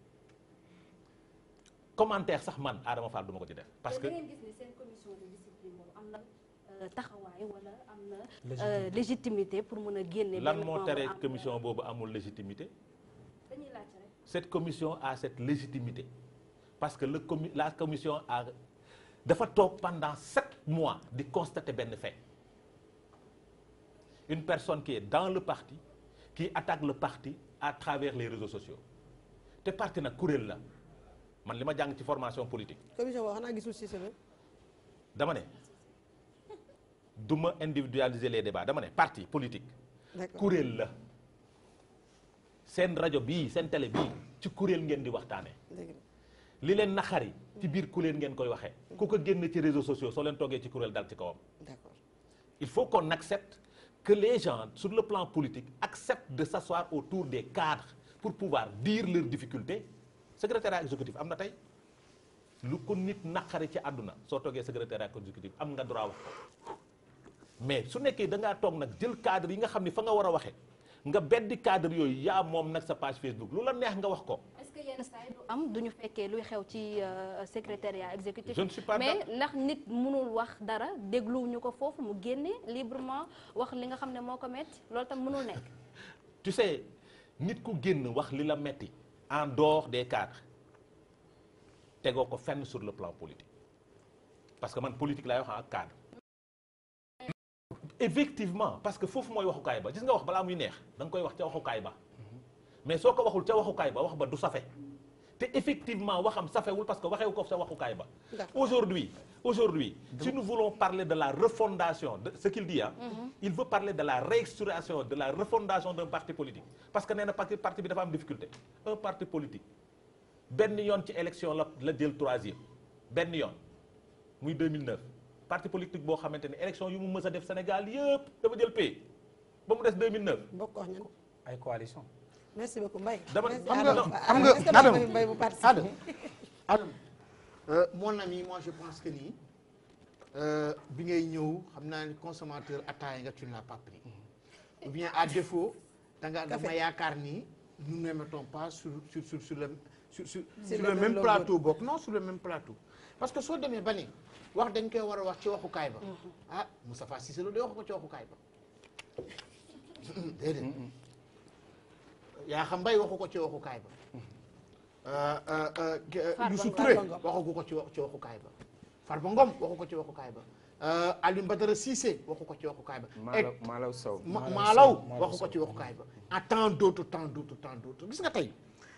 commentaire sax man Adama Fall du ma ko ci def parce que da taxawaay wala euh, légitimité pour mën a génne. lan moo tere commission amul légitimité. rek. cette commission a cette légitimité parce que le la commission a dafa toog pendant sept mois de constater ben fait une personne qui est dans le parti qui attaque le parti à travers les réseaux sociaux te parti nag courel la man li jang ci formation politique. commission boo xam ne gisul dama ne du ma individualiser les débats dama ne parti politique. courriel. la seen radio, bii seen télé bii ci kuréel ngeen di que li leen naxari ci que kuréel ngeen koy waxee. ku ko génn les réseaux sociaux soo leen toogee ci kuréel dal ci kawam. il faut qu'on accepte que les gens sur le plan politique acceptent de s'asseoir autour des cadres pour pouvoir dire leurs difficultés secrétaire exécutif am na tey lu ko nit naqari ci àdduna soo toogee secrétaire exécutif am nga droit mais su nekkee da ngaa toog nag jël cadre yi nga xam ni fa nga war a waxee nga beddi cadre yooyu yaa moom nag sa page Facebook lu la neex nga wax ko. est-ce que yenn am du ñu fekkee luy xew ci euh, secrétariat exécutif. je ne suis pas mais ndax nit mënul wax dara déglu ñu ko foofu mu génne librement wax li nga xam ne moo ko metti loolu tam mënul nekk. tu sais nit ku génn wax li la metti en dehors des cadres tegoo ko fenn sur le plan politique parce que man politique laay wax ak cadre. effectivement parce que Foufou moy waxu kayba, gis nga wax de muy neex dang koy wax ca waxu kayba. mais soko waxul ca waxu kayba, wax ba du safé. te effectivement waxam safewul parce que waxewu ko sa waxu kayba. aujourd'hui aujourd'hui si nous voulons parler de la refondation ce qu'il dit hein, mhm. il veut parler de la restauration de la refondation d'un parti politique parce que pas parti parti bi dafa am difficulté un parti politique ben yon ci élection la la 3e. Ben yon. muy 2009 parti politique bo xamante ne élection yu mu mës def Sénégal yëpp dafa jël paie ba mu des 2009. bokk ak ñun ay coalition merci beaucoup Mbaye. dama xam nga xam nga Adam Adam Adam euh, mon ami moi je pense que ni euh bi ngay ñëw xam naa ni consommateur attaaya nga tu ne l'as pas pris ou bien à défaut da nga dama yaakaar ni nous ne mettons pas sur sur sur sur le sur sur le même plateau Bok. non sur le même plateau parce que soo demee ba wax dañ koy war a wax ci waxukaay ba mm-hmm. ah Moustapha Cissé Lo de waxu ko ci waxukaay ba mm-hmm. déedéet yaa xam mbay waxu ko ci waxukaay ba mm-hmm. euh, euh, euh, Youssou Touré waxu ko ci ci waxukaay ba Farba Ngom waxu ko ci waxukaay ba Alioune Badara Cissé waxu ko ci waxukaay ba Malaw Sow Malaw waxu ko ci waxukaay ba en tant d'autres tant d'autres tant d'autres gis nga tey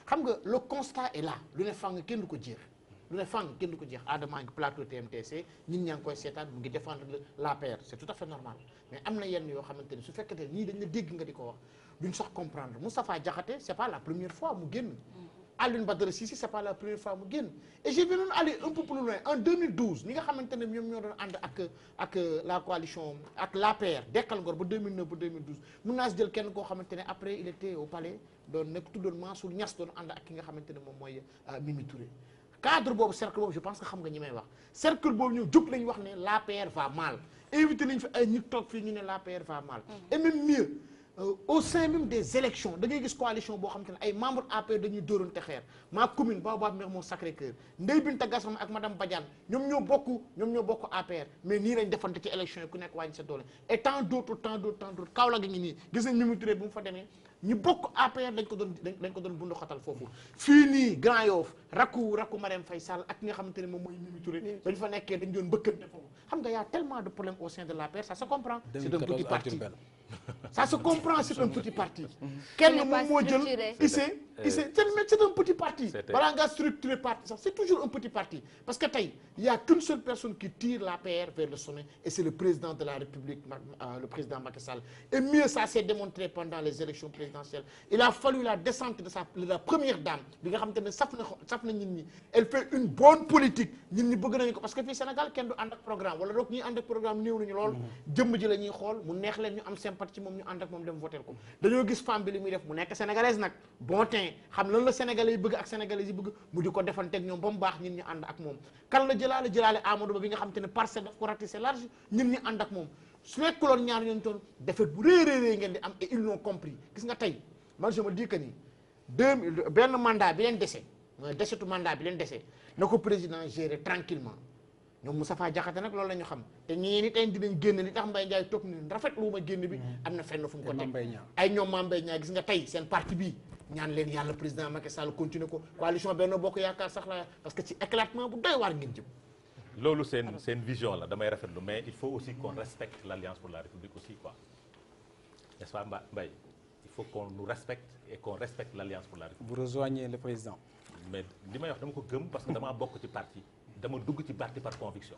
xam nga le constat est là lu ne fàng kenn du ko jéer Nous ne fang kenn du ko jeex aadamaa plateau TMTC ñun ñaa ngi koy seetaan mu ngi défendre la paire c'est tout à fait normal mais amener na yenn yoo xamante ne su fekkente ni ñii dañ la dégg nga di ko wax duñ sax comprendre Mustafa Diakhaté c'est pas la première fois mu génn Alioune Badara Cissé c'est pas la première fois mu génn et j'ai vu noonu aller un peu plus loin en 2012 ñi nga xamante mieux ñoom avec avec ak ak la coalition ak l'APR dekkal ngor 2009 ba 2012 Nous naa si jël kenn koo après il était au palais doon nekk tuddoon Mansour Niass doon ànd ak ki nga xamante ne moom mooy euh, Mimi Touré cadre bobu cercle bobu je pense que xam nga ñi may wax cercle bobu ñu juk lañ wax ne l'APR va mal invité nañ fi ay ñu tok fi ñu ne l'APR va mal mm-hmm. et même mieux euh, au sein même des élections da ngay gis coalition bo xam te ay membres APR dañuy dóorante xeer ma commune Baobab Mermoz Sacré-Cœur Ndeye Binta Gassama ak madame Badiane ñom ñoo bokku ñom ñoo bokku APR mais ni lañ defante ci élection ku nekk wañ sa doole et tant d'autres tant d'autres tant d'autres Kaolack a ngi ni gis nañ Mimi Touré bu mu fa démé ñi bokk APR dañ ko doon dañ ko doon bundu xatal foofu fii nii Grand Yoff rakku rakku Marème Faye Sall ak ki nga xamante ne moom mooy Mimi Touré fa nekkee dañ doon mbëkkante foofu xam nga y a de problèmes au sein de l'APR ça se comprend c'est un petit parti ça se comprend c'est un petit parti Quel est mon mot de c'est un petit parti structuré parti c'est toujours un petit parti parce que il y a qu'une seule personne qui tire la paire vers le sommet et c'est le président de la République euh, le président Macky Sall et mieux ça s'est démontré pendant les élections présidentielles il a fallu la descente de sa la première dame elle fait une bonne politique parce que le Sénégal a a un programme wala programme ci moom ñu ànd ak moom dem voter ko dañoo gis femme bi li muy def mu nekk sénégalaise nag bon teint xam lan la sénégalais bëgg ak sénégalais yi bëgg mu di ko defanteeg ñoom ba mu baax ñun ñu ànd ak moom kan la jëlaale jëlaale Amadou Ba bi nga xam te ne parce daf ko ratissé large ñun ñu ànd ak moom su nekkuloon ñaar ñooñu toon defet bu rëy rëy ngeen di am et ils l'ont compris gis nga tey man je me dis que ni benn mandat bi leen dese mooy desetu mandat bi leen dese na ñoom Moustapha Diakhaté nag loolu la ñu xam te ñeneen it ay dinañ génn li tax Mbaye Ndiaye topp ni rafet lu ma génn bi mm. am na fenn fu ko teg ay ñoom Mame Mbaye Niang gis nga tey seen parti bii ñaan leen yàlla président Macky Sall continuer ko coalition Benno Bokk Yaakaar sax la parce que ci éclatement bu doy waar ngeen jëm loolu seen vision la damay rafetlu mais il faut aussi qu'on respecte l'alliance pour la république aussi quoi n'est-ce pas Mbaye il faut qu'on nous respecte et qu'on respecte l'alliance la république vous rejoignez le président mais li may wax ko parce que damaa bokk ci parti dama dugg ci parti par conviction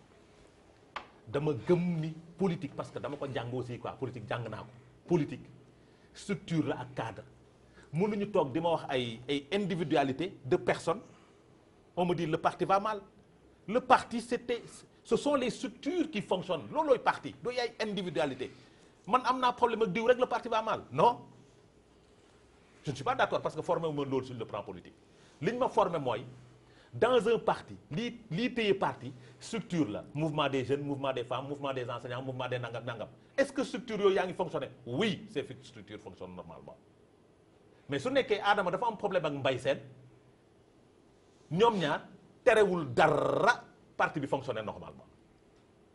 dama gëm ni politique parce que dama ko jàng aussi quoi politique jàng politique structure à cadre mënuñu tok dima wax ay ay individualité de personne on me dit le parti va mal le parti c'était ce sont les structures qui fonctionnent loloy parti do yay individualité man amna problème ak diw rek le parti va mal non je ne suis pas d'accord parce que formé moi ma sur le plan politique liñ ma formé moy dans un parti l'IT et parti structure là, mouvement des jeunes mouvement des femmes mouvement des enseignants mouvement des nangap, est-ce que structure y a oui ces structures fonctionnent normalement mais n'est nekkee Adama dafa un problème ak avons Sène un terewul le parti fonctionne normalement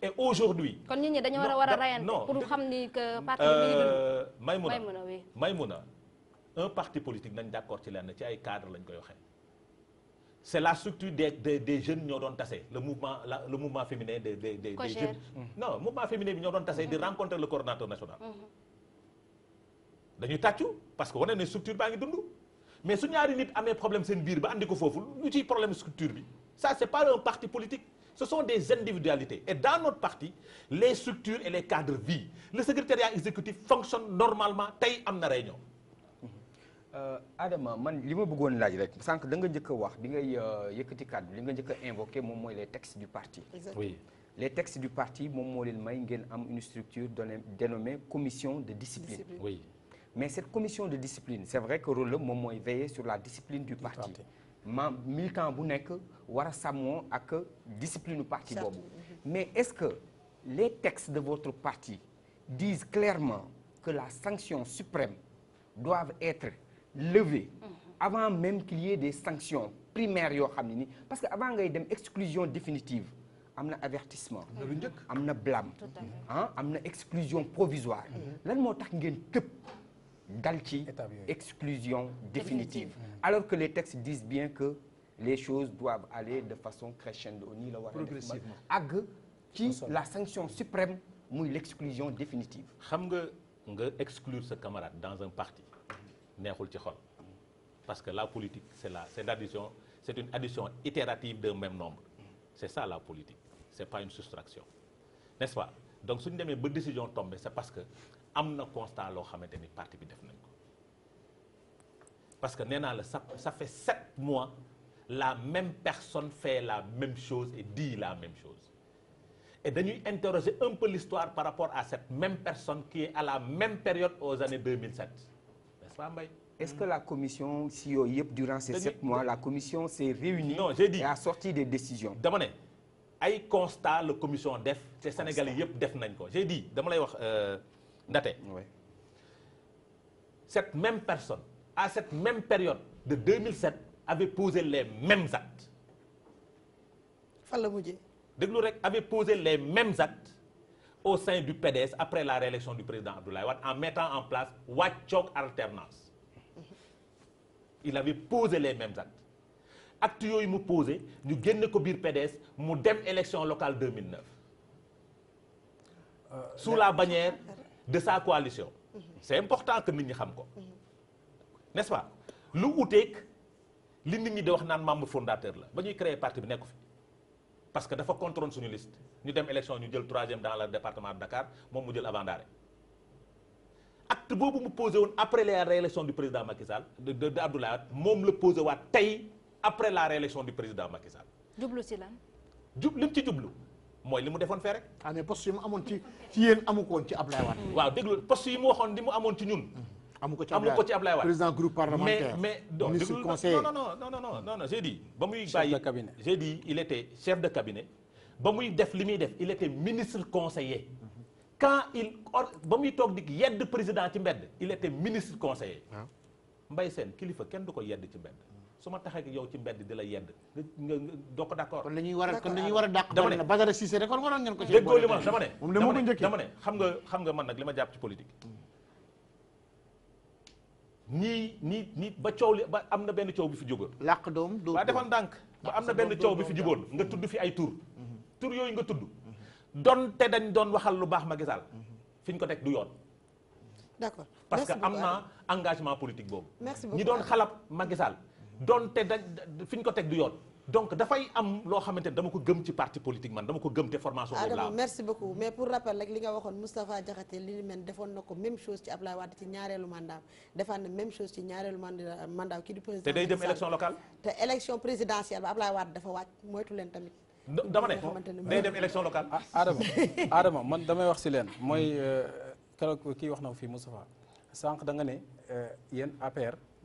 et aujourd'hui. Donc nous, ñi dañoo war a pour savoir ni le euh, parti bi. Maymuna un parti politique nous sommes d'accord ci lenn ci ay cadre lañ koy waxee. C'est la structure des des des jeunes ñoo doon tassé, le mouvement la le mouvement féminin des des des. des jeunes non mouvement féminin bi ñoo doon tase di mm-hmm. rencontrer le coordonnateur national. Mm-hmm. dañuy tàccu parce que wane une structure baa ngi mais si ñaari nit un problème seen biir ba andi ko foofu lu ciy problème structure bi ça ce n'est pas un parti politique ce sont des individualités. Et dans notre parti, les structures et les cadres vivent. Le secrétariat exécutif fonctionne normalement, tey Amna Réunion. réunion. Euh, Adama man li ma que laaj rek sànq da nga wax euh, les textes du parti. oui les textes du parti moom une structure dénommée commission de discipline. oui mais cette commission de discipline c'est vrai que rôle est de veiller sur la discipline du parti bu ak discipline parti mais est-ce que les textes de votre parti disent clairement que la sanction suprême doivent être levées mm-hmm. avant même qu'il y ait des sanctions primaires yo xamni parce que avant ngay dem exclusion définitive amna avertissement amna blâme y a ah, exclusion provisoire mm-hmm. lan a ngeen tëb dal exclusion définitive mm. alors que les textes disent bien que les choses doivent aller de façon crescendo Progressivement. la a la sanction suprême C'est l'exclusion définitive xam nga exclure ce camarade dans un parti parce que la politique c'est l'addition c'est une addition itérative d'un même nombre c'est ça la politique c'est pas une soustraction n'est-ce pas donc suñu une ba décision tombée c'est parce que am na constat loo xamante parti bi def nañ parce que ça fait sept mois la même personne fait la même chose et dit la même chose et dañuy interroger un peu l'histoire par rapport à cette même personne qui est à la même période aux années 2007 Est-ce que la commission si durant ces sept mois la commission s'est réunie et a sorti des décisions dama constat la commission def c'est Sénégalais yep def j'ai dit euh, cette même personne, à cette même période de 2007, avait posé les mêmes actes. Il avait posé les mêmes actes au sein du PDS après la réélection du président Abdoulaye en mettant en place Wachok Alternance. Il avait posé les mêmes actes. Actuellement, il m'a posé nous gagnons ko le PDS mu élection locale 2009. Euh, sous la bannière de sa coalition. c'est important que nous ñi xam nest ce pas lu qui li nit ñi di wax membre fondateur la ba ñuy créer parti bi nekku fi parce que dafa contrôle suñu liste ñu dem élection ñu jël troisième dans le département de Dakar nous mu jël avant d'arrêt. acte boobu mu posé après la réélection du président Macky Sall de de Abdoulaye Wade le la posé après la réélection du président Macky Sall. double si lan. double moi, limu defone defoon rek. ah mais poste yi mu amone ci ci yéen amuko ko ci Ablaye Wade. waaw déglu poste yi mu waxone li mu ci ñun. Mm-hmm. amuko ci Ablaye ci président groupe parlementaire. mais mais donc non non non non non non non j'ai dit. ba muy bàyyi chef de cabinet j'ai dit il était chef de cabinet. ba muy def li def il était ministre conseiller. Mm-hmm. quand il ba muy tok di yedd président ci mbedd il était ministre conseiller. Ah. mbay sen kilifa kenn du ko yedd ci mbedd. su ma taxee ak yow ci mbedd di la yedd nga doo ko d'accord war a dañuy a dàq dama ne Badara Cissé rek kon waroon ngeen ko ci déggoo dama ne xam nga xam nga man nag li ma jàpp ci politique nii nii nii ba coow li ba am na benn coow bi fi jógoon làq doom doo waa defal ba am na benn coow bi fi jógoon nga tudd fi ay tur mhm. tur yooyu nga tudd te dañ doon waxal lu baax Macky Sall fi ñu ko teg du yoon parce que am naa engagement politique boobu ñi doon xalab Macky Sall donte da fi ñu ko teg du yoon donc dafay am loo xamante na dama ko gëm ci parti politique man dama ko gëm te formation boobu laa merci beaucoup mais pour rappel rek li nga waxoon Moustapha Diakhaté li ni mel defoon na ko même chose ci Ablaye Wade ci ñaareelu mandat defaat na même chose ci ñaareelu mandat mandat kii di président te day dem élection locale te élection présidentielle ba Ablaye Wade dafa wàcc moytu leen tamit dama ne day dem élection locale ah, Adama Adama man damay wax si leen mooy euh, keroog kii wax na ko fii Moustapha sànq da nga ne euh, yéen APR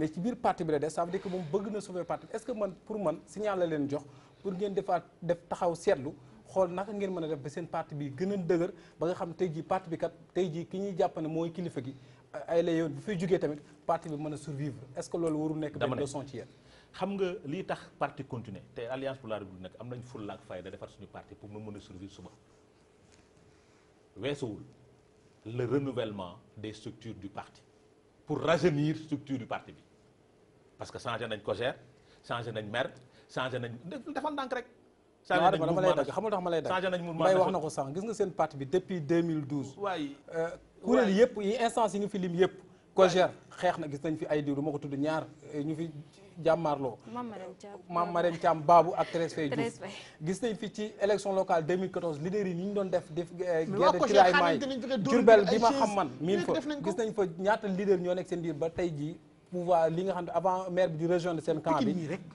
mais ci biir parti bi la des ça veut dire que moom bëgg na sauver parti est-ce que man pour man signal la leen jox pour ngeen defaat def taxaw seetlu xool naka ngeen mën a def ba seen parti bi gën a dëgër ba nga xam tey jii parti bi kat tey jii ki ñuy jàpp ne mooy kilifa gi ay la yoon bu fiy jógee tamit parti bi mën a survivre est-ce que loolu waru nekk benn leçon ci yéen xam nga lii tax parti continuer te alliance pour la république nag am nañ ful fulla ak fayda defar suñu parti pour mu mën a survivre suba weesuwul le renouvellement des structures du parti pour rajeunir structure du parti bi parce que changé nañ COJER changé nañ maire changé nañ defal dank rek. changé nañ mouvement de xam nga dama lay dagg changé nañ mouvement de wax nako ko sànq gis nga sen parti bi depuis 2012. euh kurel yëpp yi instance yi ngi fi lim yëpp. COJER xex na gis nañ fi ay diw mako tuddu ñaar euh, ñu fi jamarlo Mame Marème Thiam Babou ak Thérèse Faye Diouf gis nañ fi ci élection locale 2014 leader yi ñu ñu doon def def euh, guerre de tiraillement yi Jurbel bi xam man miin fa gis nañ fa ñaata leader ñoo nek sen bir ba tay ji pouvoir li nga avant maire de région de seen camp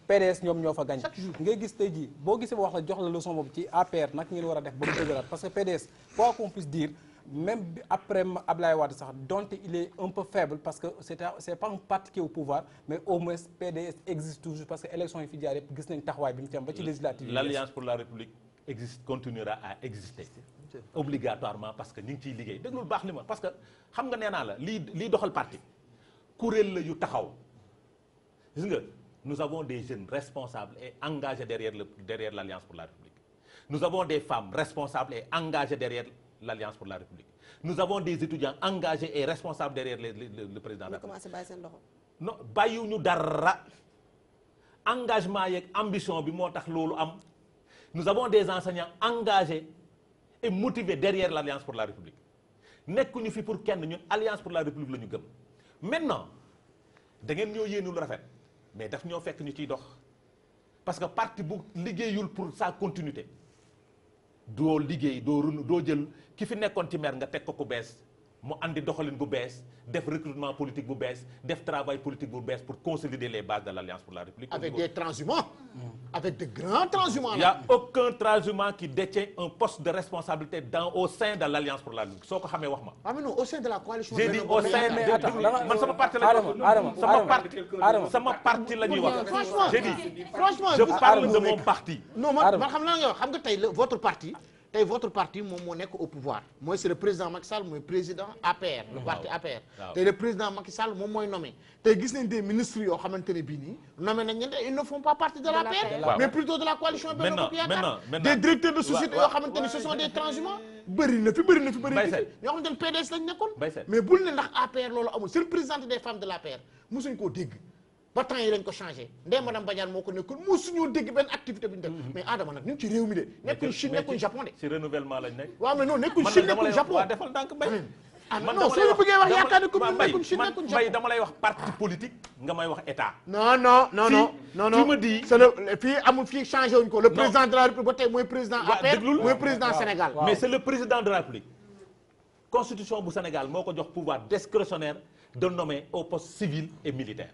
PDS n'y a fa gañ ngay gis tey jii boo gisee wax la jox la leçon boobu ci APR nag ngeen war a def ba mu parce que PDS quoi qu'on puisse dire même après Ablaye Wade sax il est un peu faible parce que c'est c'est pas un parti qui est au pouvoir mais au moins PDS existe toujours parce que élection yi fi jaar yëpp gis nañ taxawaay bi mu ba ci législative l'alliance pour la république existe continuera à exister obligatoirement parce que ñu ngi ciy liggéey déglul baax li parce que xam nga nee la lii doxal parti nous avons des jeunes responsables et engagés derrière l'Alliance pour la République nous avons des femmes responsables et engagées derrière l'Alliance pour la République nous avons des étudiants engagés et responsables derrière le, président de la République engagement ambition nous avons des enseignants engagés et motivés derrière l'Alliance pour la République ñu fi pour kenn ñun Alliance pour la République maintenant da ngeen ñoo le rafet mais nous ñoo fait, ñu ciy parce que parti bu pour sa continuité il liggéey doo fait jël qui fait, ci maire nga teg mu andi doxalin bu bees def recrutement politique bu bees def travail politique bu bees pour consolider les bases de l'Alliance pour la République. avec des transhumants. Hmm. avec de grands transhumants. il n'y a aucun transhumant qui détient un poste de responsabilité dans au sein de l'Alliance pour la République soo ko xamee wax ma. ah mais non au sein de la coalition. j'ai dit au sein de man sama parti la ñuy wax sama parti sama parti la ñuy wax. franchement j'ai dit franchement je parle de mon parti. non man man xam naa nga xam nga votre parti tey votre parti mon moo au pouvoir Moi c'est le président Macky Sall mon président APR le parti APR tey le président Macky Sall mon mooy nommé tey gis nañ des ministres yoo xamante ne bii nommé nañ ils ne font pas partie de l'APR mais plutôt de la coalition Benno Bokk des directeurs de société yoo xamante ce sont des transhumants bëri fi bëri fi bëri na PDS lañ mais bul ne ndax APR c'est le président des femmes de l'APR mosuñ koo dégg ba temps yi lañ ko changé ndee madame Badiane moo ko nekkul suñu dégg benn activité bu def mm-hmm. mais Adama nag ñu ci réew mi de nekkuñ Chine nekkuñ Japon de ci renouvellement lañ nekk waaw mais non nekkuñ Chine nekkuñ Japon defal ndànk bay ah non soo bëggee wax yaakaar ne commune nekkuñ Chine nekkuñ Japon bay dama lay wax parti politique nga may wax état non non non non non non me di c'est le fii amul fi changé wuñ ko le président de la République ba tey président APR mooy président Sénégal mais c'est le président de la République constitution bu Sénégal moo ko jox pouvoir discrétionnaire de nommer au poste civil et militaire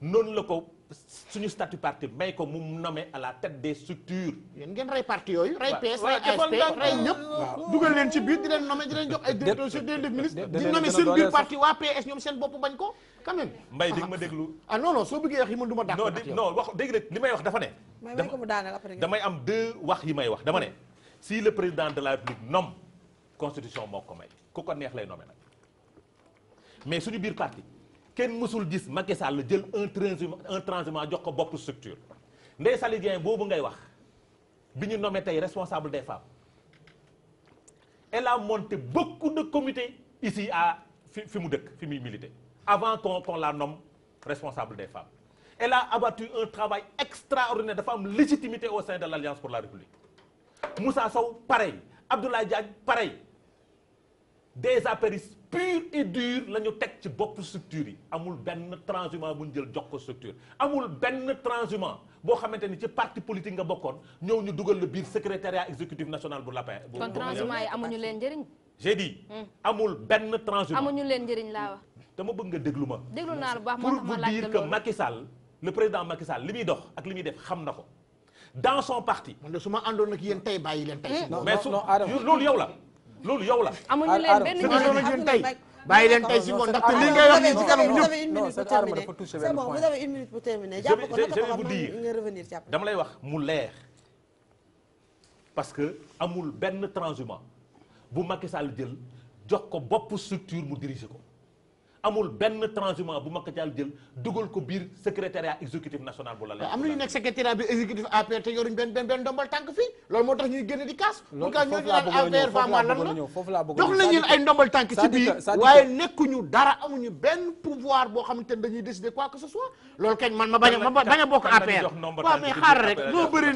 noonu la ko suñu statut parti may ko mu nommé a la tête des structures. yéen ngeen yooyu. rey PS rey AFP rey ñëpp. dugal leen ci biir di leen nommé di leen jox ay di leen def ministre di nommé seen biir parti waa PS ñoom seen bopp bañ ko quand même. mbay di nga ma ah, déglu. ah non soo buggee wax yi man ma d'accord ak yow non wax dégg nga li may wax dafa ne. may ko mu daaneel après damay am deux wax yi may wax dama ne. si le président de la République nomme constitution moo ko may ku ko neex lay nommé nag mais suñu biir parti. kenn mësul que Macky Sall jël un transhumant un transhumant jox ko de structure Ndeye Saly Dieng boobu ngay wax biñu ñu nommé responsable des femmes elle a monté beaucoup de comités ici à Fimoudek, fi avant qu'on la nomme responsable des femmes elle a abattu un travail extraordinaire de femmes légitimité au sein de l'Alliance pour la République Moussa Sow pareil Abdoulaye Diagne pareil des apéristes pur et dur la tek ci bop structure amul ben transhumant bu ñu jël jox ko structure amul ben transhumant bo xamanteni ci parti politique nga bokkon ñëw ñu duggal le biir secrétariat exécutif national la paix e. kon transhumant yi amuñu leen jëriñ j'ai dit. Hmm. amul ben transhumant amuñu leen jëriñ la wax. dama bëgg nga déglu ma. déglu naa la bu pour vous dire que Macky Sall le président Macky Sall li muy dox ak li def xam nako dans son parti. man de su ma àndoon ak yéen tey bàyyi leen tey. Hmm. mais su loolu yow la loolu yow la. amuñu leen benn njëriñ tey bàyyi leen tey si ngoon ndaxte li ngay wax nii si kanam ñu non c'est bon vous avez une minute pour terminer. japp ko nak ko nga revenir japp dama lay wax mu leer parce que amul ben transhumant bu Macky Sall jël jox ko bop structure mu diriger ko. amul benn transhumant bu Maka Diall jël dugal ko biir secrétariat exécutif national bu la lay. am na ñu nekk secrétariat bi exécutif APR te yoruñ benn benn benn ndombal tànk fii loolu moo tax ñuy génn di kaas. loolu foofu laa bëggoon a ñëw foofu laa bëggoon a ñëw boo xamante ne dañuy décider quoi que ce soit. loolu kañ man ma bañ a a bokk APR waaw mais xaar rek loo bëri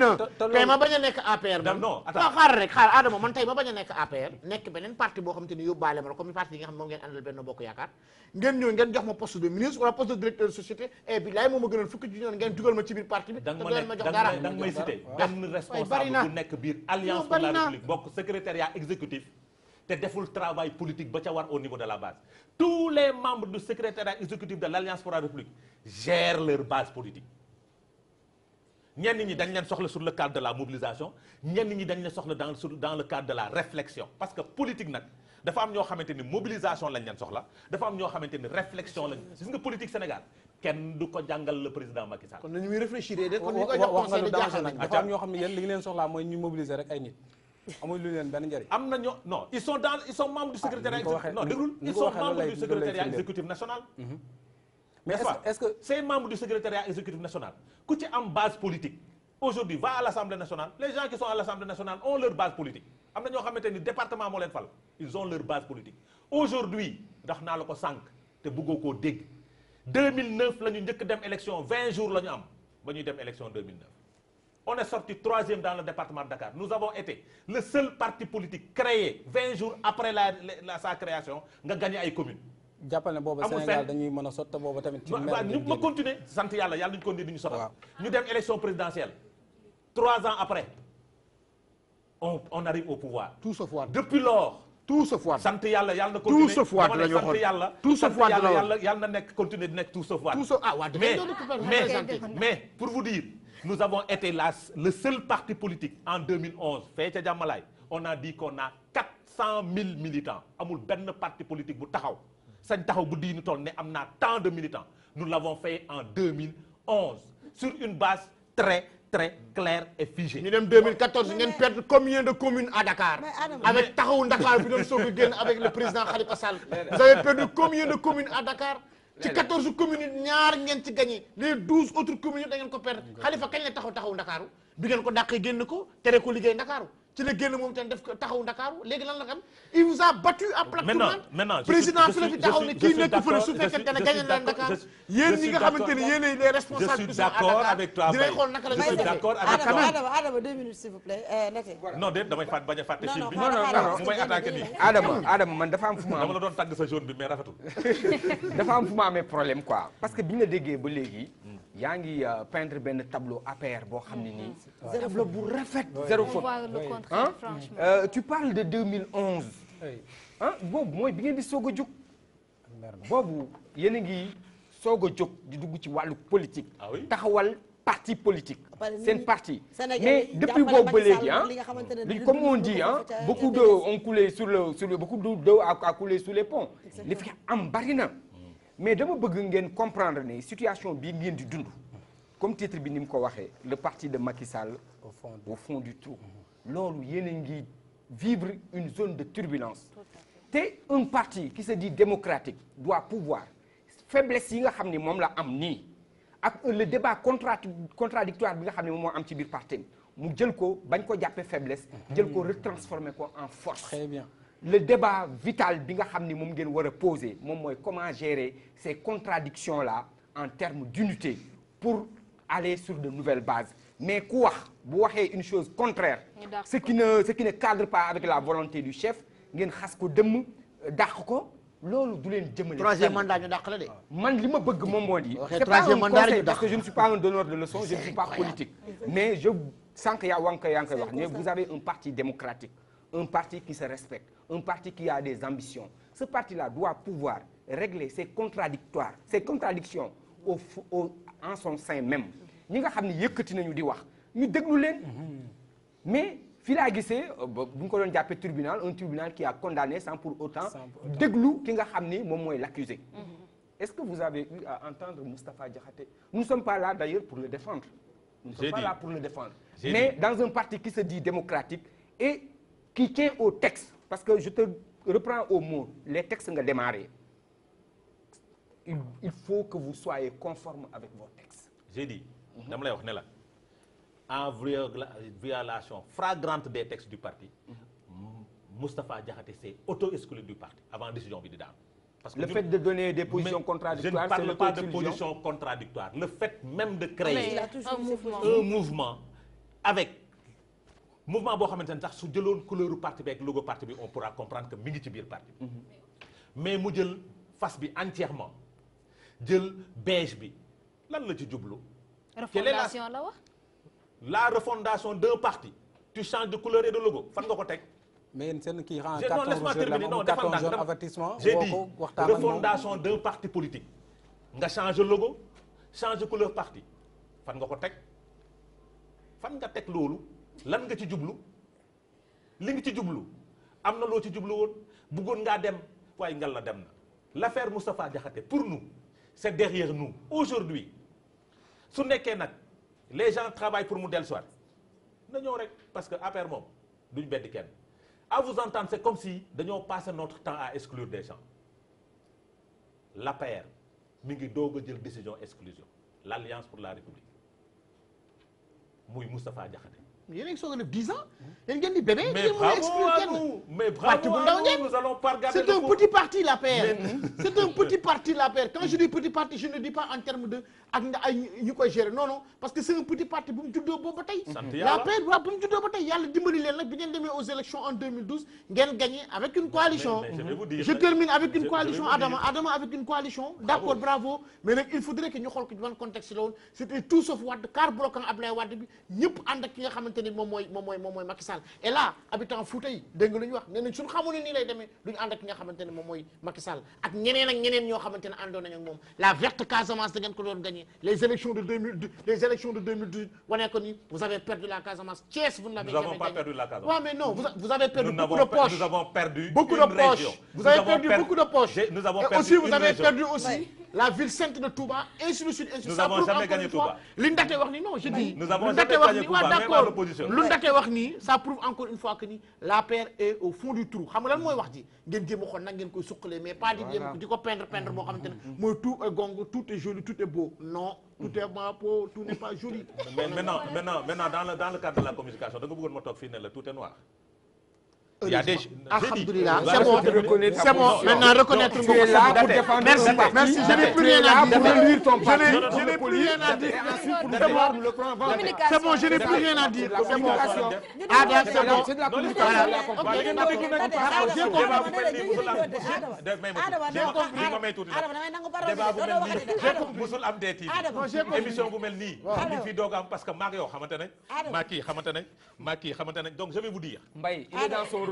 tey ma bañ nekk APR man waaw xaar rek xaar Adama man tey ma bañ nekk APR nekk beneen parti boo xamante ne yóbbaale ma la comme parti nga xam moom ngeen àndal benn bokk yaakaar ngeen ñëw ngeen jox ma poste de ministre wala poste de directeur de société et eh, bi lay moom a gënal fukki junni ngeen duggal ma ci biir parti bi te doon ma jox dara da nga may cité ben responsable bu nek biir alliance pour la république bok secrétariat exécutif te deful travail politique ba ca war au niveau de la base tous les membres du secrétariat exécutif de l'alliance pour la république gèrent leur base politique ñenn ñi dañ leen soxla sur le cadre de la mobilisation ñenn ñi dañ leen soxla dans dans le cadre de la réflexion parce que politique nak dafa am ñoo xamante ni mobilisation lañ leen soxla dafa am ñoo xamante ni réflexion lañ gis nga politique Sénégal kenn du ko jàngal le président Macky kon nañu muy réfléchir de de jaaxal nañ dafa am ñoo am na ñoo non ils sont dans ils sont membres du ah, secrétariat exécutif non déglul ils mhm. est-ce que du secrétariat exécutif national ku ci am base politique aujourd'hui va à l'Assemblée nationale les gens qui sont à l'Assemblée nationale ont leur base politique département ils ont leur base politique aujourd'hui ndax naa la ko 2009 nous avons njëkk dem élection 20 jours la ñu am ba dem 2009 on est sorti troisième dans le département de Dakar nous avons été le seul parti politique créé 20 jours après sa création nga gagné ay communes. Nous avons eu Sénégal dañuy présidentielle. Trois ans après, on, arrive au pouvoir. Tout se fois. Depuis lors. Tout se voit. Santé Yalla, Yalla na Tout se voit. Tout se Wade tout ah, Mais pour vous dire. Nous avons été la, le seul parti politique en 2011 on a dit qu'on a 400 000 militants amul ben parti politique bu taxaw sañ taxaw bu diinu tant de militants nous l'avons fait en 2011 sur une base très très clair et figé. sommes dem 2014 avons perdu combien de communes à Dakar. avec taxawu Dakar bi avec le président Khalifa Sall. vous avez perdu combien de communes à Dakar. ci 14 communes n'y ñaar gagné les 12 autres communes da ngeen ko perdre. Khalifa kañ la taxaw Dakar Ndakaaru bi ngeen ko dàqee génn ko les ko de Dakar il vous a battu à plat président d'accord avec toi minutes s'il vous plaît euh, non, non Non, non, non. Non, non. quoi parce que biñ yangi euh, peindre ben tableau APR bo xamni ni nii. Mhm. tableau bu rafet. zéro faute ah tu parles de 2011. hein boobu moy bi ngeen di sogo a jóg. boobu yéen ngi sogo a di dugg ci walu politique. Ah taxawal parti politique. Ah, seen parti mais depuis boobu ba hein. ah. comme on dit hein. beaucoup d'eau ont coulé sur le sur le beaucoup d'eau a coulé sous les ponts. li fi am barina mais dama vous ngeen comprendre la situation comme titre le parti de Macky Sall au fond du trou il mhm. y vivre une zone de turbulence un parti qui se dit démocratique doit pouvoir faiblesse la le débat contradictoire bi nga faiblesse mhm. retransformer en force très bien le débat vital que nga poser comment gérer ces contradictions là en termes d'unité pour aller sur de nouvelles bases mais quoi wax bu une chose contraire ce qui ne ce qui ne cadre pas avec la volonté du chef vous avez ko dëmm euh, ko troisième mandat ñu dàq la ah. man troisième mandat ñu parce que je ne suis pas un donneur de leçons je ne suis pas politique. mais je sens que y vous avez un parti démocratique un parti qui se respecte, un parti qui a des ambitions. Ce parti-là doit pouvoir régler ses contradictoires, ses contradictions au, en son sein même. Nous nga que nañu di wax Nous mais fii laa nous euh, bu tribunal un tribunal qui a condamné sans pour autant déglu ki nga nous l'accusé est-ce que vous avez eu à entendre Moustapha Diakhaté nous ne sommes pas là d'ailleurs pour le défendre nous ne sommes pas là pour le défendre mais dans un parti qui se dit démocratique et qui tient au texte, parce que je te reprends au mot, les textes sont démarré. Il, faut que vous soyez conforme avec vos textes. J'ai dit, mm -hmm. en violation flagrante des textes du parti, Moustapha Diakhaté s'est auto-exclu du parti avant la décision de parce que le fait de donner des positions contradictoires, je ne parle pas de positions contradictoires. Le fait même de ah, créer un mouvement avec mouvement bo xamante tax su jëloon couleur parti bi logo parti bi on pourra comprendre que mi ngi ci biir parti mhm. mais mu jël face bi entièrement jël beige bi lan la ci jublu. refondation la wax la refondation d'un parti. tu changes de couleur et de logo fan nga ko tek mais yéen seen kii rend 14 jours la moom 14 jours avertissement. j'ai dit refondation d'un parti politique. nga change logo change couleur parti fan nga ko tek fan nga tek lolu lan nga ci djublu li nga ci djublu amna lo loo ci jublu woon bëggoon nga dem way ngal la dem l'affaire Moustapha Diakhaté pour nous c'est derrière nous aujourd'hui su nekké nak les gens travaillent pour mu dellu soir na ñëw rek parce que affaire mom duñ beddi kenn à vous entendre c'est comme si dañoo passer notre temps à exclure des gens l'APR mi ngi doog a jël décision exclusion l'Alliance pour la République muy Moustapha Diakhaté yéen a 10 ans. yéen ngeen di bébé. mais bravo à nous mais bravo à nous nous allons pas regarder. c'est un petit parti la l'APR. c'est un petit parti la paix. quand je dis petit parti je ne dis pas en termes de ak gérer non non parce que c'est un petit parti Boum mu juddoo boobu ba tey. sant yàlla l'APR waaw bu mu juddoo dimbali aux élections en 2012 ngeen gagné avec une coalition. je termine avec une coalition Adama Adama avec une coalition. d'accord bravo mais il faudrait que nous xool ko contexte c'était tout sauf Wade car bloquant Ablaye Wade bi ñëpp ak nga xamante ni moom mooy moom mooy moom Macky Sall et là habitant Fouta yi dégg ñu wax nee nañ xamul ni lay démé duñ and ak nga xamante ne moom Macky Sall ak ñeneen ak ñeneen ño xamante ne nañ ak mom la verte Casamance da ko doon gagner les élections de 2000 les élections de 2018 wane ko ni vous avez perdu la Casamance Thiès vous ne l'avez jamais gagné nous n'avons pas perdu la Casamance waaw mais non vous avez perdu beaucoup de poches nous avons perdu beaucoup de poches vous avez perdu beaucoup de poches nous avons et aussi vous avez perdu aussi la ville sainte de Touba, ainsi de suite, ainsi de suite. Nous n'avons jamais gagné Touba. Warni, non, j'ai dit. Nous avons jamais gagné Touba, même à l'opposition. Warni, ça prouve encore une fois que la paire est au fond du trou. Vous savez ce que je veux dire Ngeen jéem a xool nag ngeen koy suqalee mais pas di jéem di ko peindre peindre mm-hmm. moo tout est gongo, tout est joli tout est beau non tout est ma peau tout n'est pas joli. maintenant maintenant maintenant dans le dans le cadre de la communication da nga bëggoon ma toog tout est noir c'est bon. Maintenant, reconnaître Merci. Je n'ai plus rien à dire. Je n'ai plus rien à dire. C'est bon, je n'ai plus rien à dire. C'est bon. Ah, c'est la Donc je vais vous dire. dans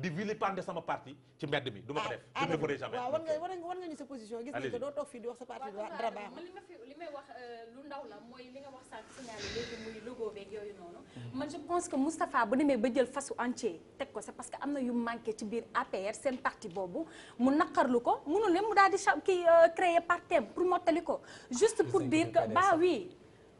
di vilipender sama parti ci mbedd mi du ma ko ah, def. Ah, je ne le ferai jamais waaw war nga ñu sa position. gis nga doo toog fii di wax sa parti dara baax man li euh, lu ndaw la mooy li nga mhm. man je pense que Moustapha bu demee ba jël fasu entier teg ko c'est parce que am na yu manqué ci biir APR seen parti boobu mu lu ko munul ne mu daal di kii euh, créer parti pour mottali ko. juste pour dire que bah oui.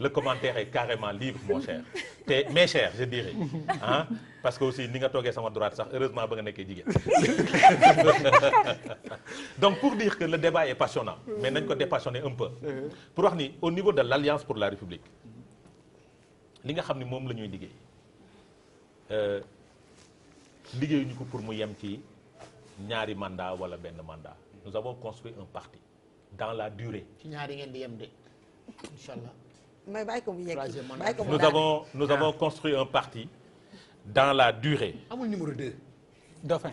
le commentaire est carrément libre, mon cher. Mais mes chers, je dirais. Hein? Parce que aussi, tu es à ma droite, heureusement, Donc, pour dire que le débat est passionnant, mais nous sommes dépassionner un peu. Pour dire, au niveau de l'Alliance pour la République, ce que nous savez, c'est que ko pour mu yem ci ñaari mandat wala mandat nous avons construit un parti dans la durée. ci ñaari ngeen di nous avons, nous avons construit un parti dans la durée. numéro 2. Dauphin.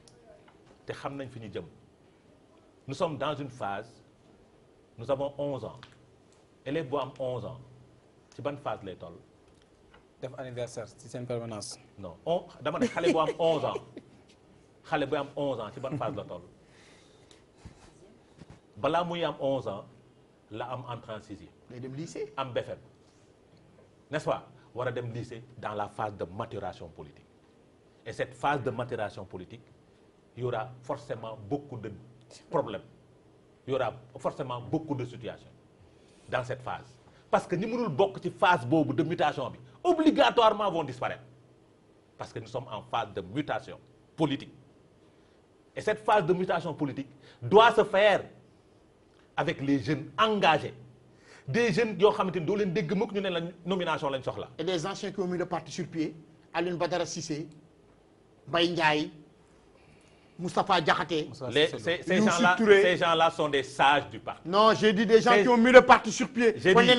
nous sommes dans une phase nous avons 11 ans élève bu 11 ans C'est ban phase lay toll. def anniversaire ci permanence. non dama 11 ans xale bu 11 ans ci ban phase la toll 11 ans la am en transition. dem lycée am e n'est-ce pas war a lycée dans la phase de maturation politique et cette phase de maturation politique il y aura forcément beaucoup de problèmes. Il y aura forcément beaucoup de situations dans cette phase. Parce que nous avons une phase de mutation, obligatoirement vont disparaître. Parce que nous sommes en phase de mutation politique. Et cette phase de mutation politique doit se faire avec les jeunes engagés. Des jeunes qui ont fait la nomination. Et des anciens qui mis le parti sur pied, Badara Sissé, Moustapha Djaké, Ces gens-là sont des sages du parti. Non, j'ai dit des gens qui ont mis le parti sur pied. J'ai dit,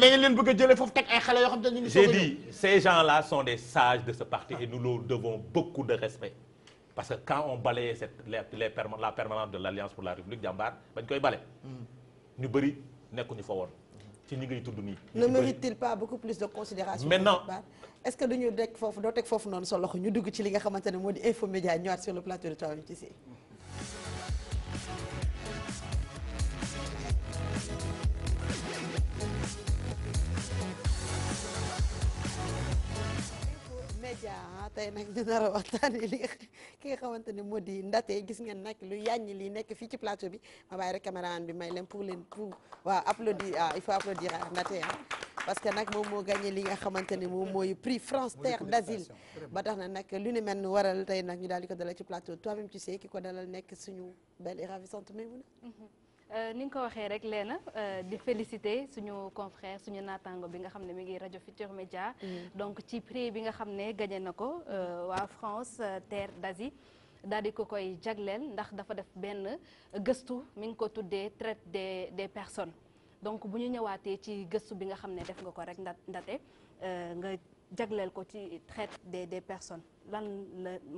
ces gens-là sont des sages de ce parti et nous leur devons beaucoup de respect. Parce que quand on balayait cette, la permanence de l'Alliance pour la République, d'Ambar, ben, nous avons balayé. Nous avons ne mérite-t-il pas beaucoup plus de considération. maintenant est-ce que nous devons faire doo teg foofu noonu sa loxo ñu dugg ci li nga xamante modi info média ñuat sur le plateau de Tawan ci tey nag ñu nar a waxtaanee li ki nga modi ne gis ngeen nak lu yàññi li nek fi ci plateau bi ma bay rek caméraman bi may leen pour leen pour wa applaudir ah il faut applaudir ah Ndaté ah. parce que nak moom mo gagné li nga xamante ne moy prix France Terre d'Asile ba tax na nag lu ni mel waral tay nak ñu daal di ko dalal ci plateau toi-même tu sais kiko dalal nek suñu belle et ravissante -hmm. Euh, ni nga ko waxee rek leena euh, di féliciter suñu confrère suñu naataango bi nga xam ne mu ngi rajo Futurs média mm. donc ci prix bi nga xam ne gagné na ko euh, waa France terre d'Asie daal di ko koy jagleel ndax dafa def benn gëstu mi ngi ko tuddee traite des des personnes donc bu ñu ñëwaatee ci gëstu bi nga xam ne def nga ko rek nda ndate nga jagleel ko ci traite des des personnes lan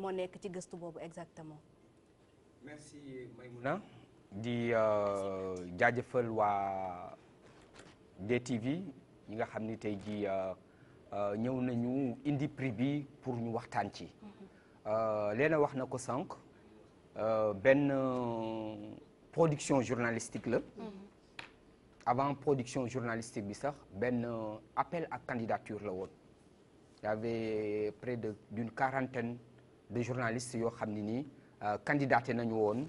moo nekk ci gëstu boobu exactement. merci di euh, jaajëfal wa DTV ñi nga xamni tay qui a, euh, euh, nañu indi prix bi pour ñu waxtaan ci. léna wax nako sank ben production journalistique la. Mm-hmm. avant production journalistique bi sax un appel à candidature la Il y avait près de d'une quarantaine de journalistes qui candidats ne candidaté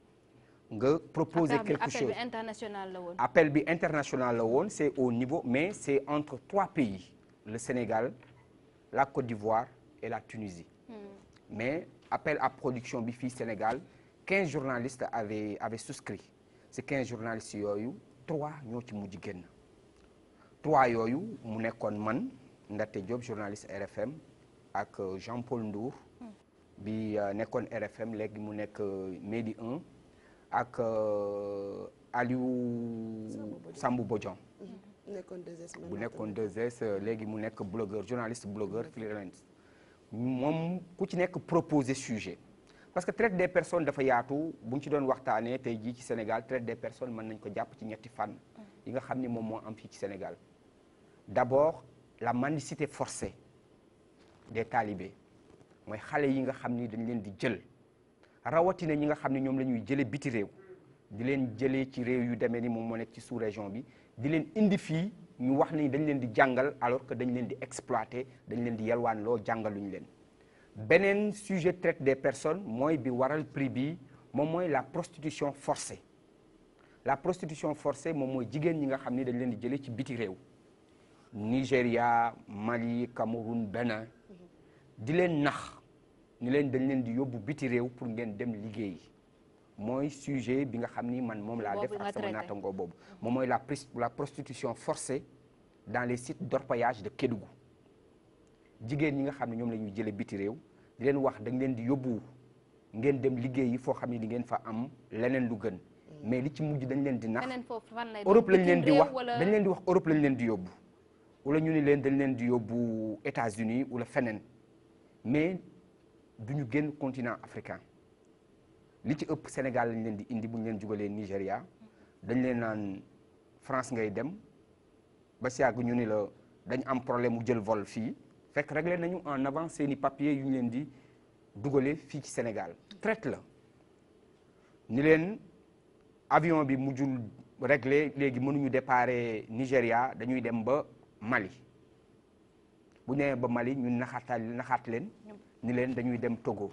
nga proposer quelque chose appel international la appel bi international la c'est au niveau mais c'est entre trois pays le Sénégal la Côte d'Ivoire et la Tunisie. Hmm. mais appel à production bi Sénégal 15 journalistes avaient avaient souscrit ces 15 journalistes yoyu, trois ñoo ci mujj génn trois yoyu mu nekkoon man ndaté Diop journaliste RFM et euh, Jean-Paul Ndour. Hmm. bi euh, nekkoon RFM légui mu nekk euh, Medi 1 ak euh, Aliou Sambou Bodian bu mm-hmm. nekkoon deux s euh, léegi mu nekk blogueur journaliste blogueur freelance moi, ku ci le sujet parce que traite des personnes de Fayatou, bu tu ci doon waxtaanee tey jii ci Sénégal traite des personnes mën nañ ko jàpp ci ñetti fan, yi nga xam ni am Sénégal d'abord la mendicité forcée des talibés mooy xale yi nga xam ni dañ leen di rawatina ñi nga xam ne ñoom la biti réew di leen jëlé ci réew yu démé ni moom mo nek ci sous région bi di leen indi fi ñu wax ni dañ leen di jàngal alors que dañ leen di exploiter dañ leen di yalwaan lo jàngaluñu leen benen sujet traite des personnes moy bi waral prix bi mom moy la prostitution forcée la prostitution forcée mom moy jigen ñi nga xam dañ leen di jëlé ci biti réew Nigeria, Mali Cameroun Bénin di leen nax ni leen dañ leen di yóbbu biti réew pour ngeen dem liggéey mooy sujet bi nga xam ni man moom laa def ak sama naatangoo boobu moom mooy la la prostitution forcée dans les sites d'orpaillage de Kédougou jigéen ñi nga xam ne ñoom la ñuy jëlee biti réew di leen wax dañ leen di yóbbu ngeen dem liguey fo xamni di ngeen fa am leneen lu gën mais li ci mujj dañ leen di nax Europe lañ leen di wax dañ leen di wax Europe lañ leen di yobbu wala ñu ni leen dañ leen di yobbu États-Unis wala fenen mais du ñu continent africain li ci ëpp Sénégal lañ leen di indi bu ñu leen jugalee dañ France ngay dem ba si ñu ni la dañ am problème mu jël vol fii fekk réglé nañu en avant ni papier yu ñu leen di ci Sénégal traite la ni len avion bi mujjul réglé mënu ñu déparé Nigéria dañuy dem ba Mali bu ñu ba Mali ñu naxatal naxat len ni leen dañuy dem Togo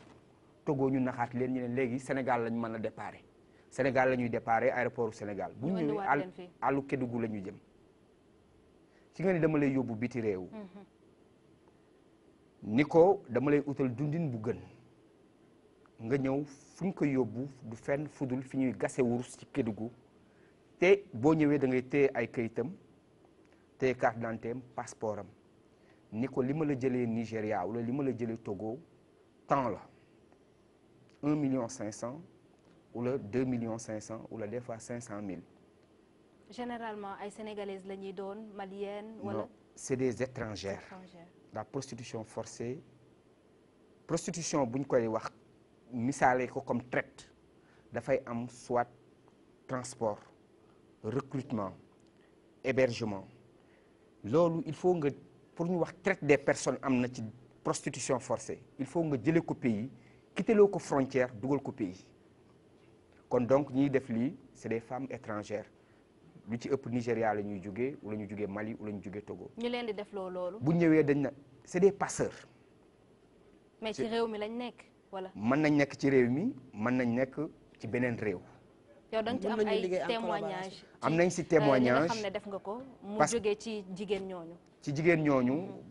Togo ñu naxaat leen ñu ne léegi Sénégal lañ mën a déparé Sénégal la ñuy déparé aéroport Sénégal bu ñu ñëwee àll àllu Kédougou la ñu jëm ci nga ni dama lay yóbbu biti réew mhm. ni ko dama lay utal dundin bu gën nga ñëw fu ñu koy yóbbu du fenn fudul fi ñuy gase wurus ci Kédougou te boo ñëwee dangay ngay ay kayitam téye carte d'identité am Niko limole jele Nigeria ou le limole jele Togo, temps là. 1 million 500 ou le 2 millions 500 ou le fois 500 000. Généralement, les Sénégalais les donnent, maliennes ou. Non, c'est des étrangers. La prostitution forcée. la Prostitution, si on a comme traite, il faut soit transport, recrutement, hébergement. il faut pour ñu wax traite des personnes am ci prostitution forcée il faut nga jëlee ko pays quitteloo ko frontière dugal ko pays kon donc ñiy def lii c'est des femmes étrangères lu ci ëpp Nigéria la ñuy jugee wala ñu jugee Mali wala ñu jugee Togo. ñu leen di def loolu. bu ñëwee dañ na c'est des passeurs. mais ci réew mi lañ nekk wala. mën nañ nekk ci réew mi mën nañ nekk ci beneen réew. Il y témoignage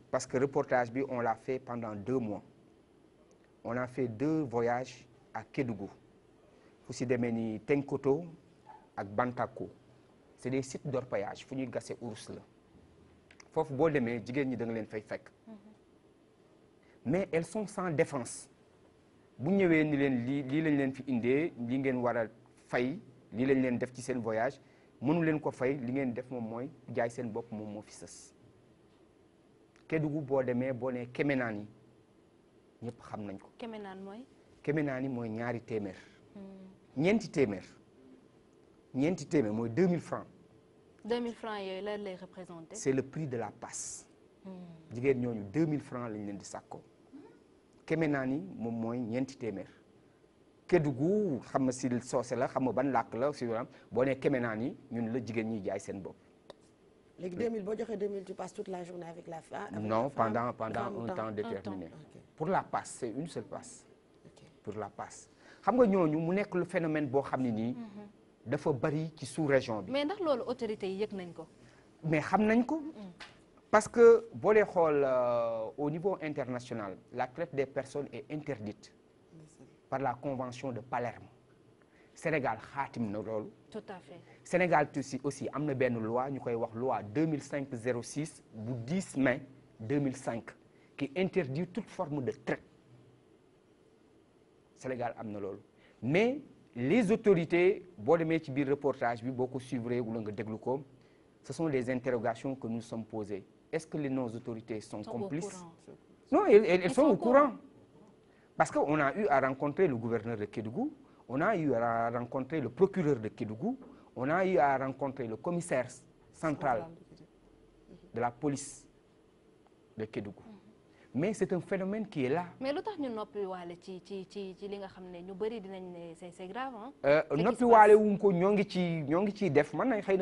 parce que le reportage on l'a fait pendant deux mois on a fait deux voyages à Kedougou, fu si demee Tengkoto Tenkoto ak Bantako c'est des sites d'orpaillage fu ñuy gase ours la faut que les mais elles sont sans défense Si vous fay lii lañ leen def ci voyage mënu leen ko fay li ngeen def moom mooy jaay seen bopp moom moo fi sës vous boo demee boo nee kemenaan yi xam nañ ko. kemenaan mooy. kemenaan yi ñaari hmm. téeméer. ñeenti téeméer ñeenti francs. 2000 francs yooyu lay représenté. c'est le prix de la passe. Hmm. jigéen ñooñu francs lañ leen di sàkkoo. kemenaan yi moom mooy ñeenti Kédougou xam nga si soose la xam ban làkk la si boo nee Kemenaan yi ñun la jigéen ñi jaay seen bopp. léegi 2000 boo joxee 2000 tu passes toute la journée avec la femme. non pendant pendant un temps, déterminé. pour la passe c'est une seule passe. pour la passe xam nga ñooñu mu nekk lu phénomène boo xam ne nii. dafa bari ci sous-région bi. mais ndax loolu autorités yi yëg nañ ko. mais xam nañ ko. Mm. parce que boo dee xool euh, au niveau international la traite des personnes est interdite par la convention de Palerme Sénégal Khatim na loolu. tout à fait Sénégal aussi aussi mis une loi nous avons wax loi 2005 06 du 10 mai 2005 qui interdit toute forme de traite Sénégal mis une loi. mais les autorités vous avez ci le reportage bi suivre ce sont des interrogations que nous sommes posées est-ce que les nos autorités sont complices non elles, sont, au courant. Parce qu'on a eu à rencontrer le gouverneur de Kédougou, on a eu à rencontrer le procureur de Kédougou, on a eu à rencontrer le commissaire central de la police de Kédougou. Mm-hmm. mais c'est un phénomène qui est là. mais le nous ñu plus pas ci ci ci li grave ko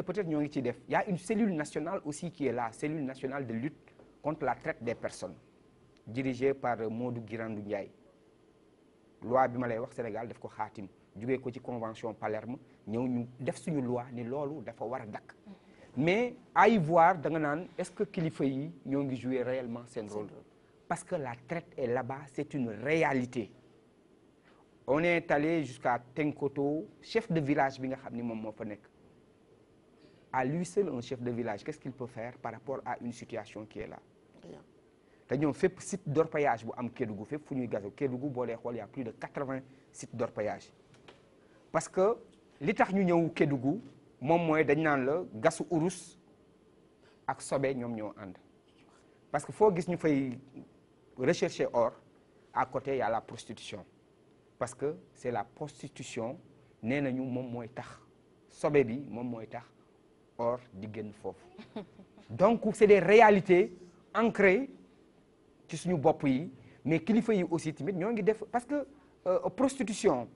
peut-être y' a une cellule nationale aussi qui est là cellule nationale de lutte contre la traite des personnes dirigée par Modou Girandou Ndiaye loi bi ma wax Sénégal daf ko xaatim jugee ko ci convention Palerme ñu def suñu loi ni loolu dafa war a mais à y voir da nga est-ce que kilifa yi ñoo réellement ce rôle parce que la traite est là-bas c'est une réalité on est allé jusqu'à Tenkoto chef de village bi nga à lui seul un chef de village qu'est-ce qu'il peut faire par rapport à une situation qui est là te ñoom fépp site d'orpaillage bu am Kédougou fépp fu ñuy gazo Kédougou boo dee il y a plus de 80 vingts sites d'orpaillage parce que li tax ñu ñew Kédougou mom moy dañ nan la gasu urus ak sobé ñom ñoo and parce que faut gis ñu fay rechercher or à côté il y a la prostitution parce que c'est la prostitution néna ñu mom moy tax sobé bi mom moy tax or di génn donc c'est des réalités ancrées ci suñu bop yi mais kilifa yi aussi timit ñoo ngi def parce que euh, prostitution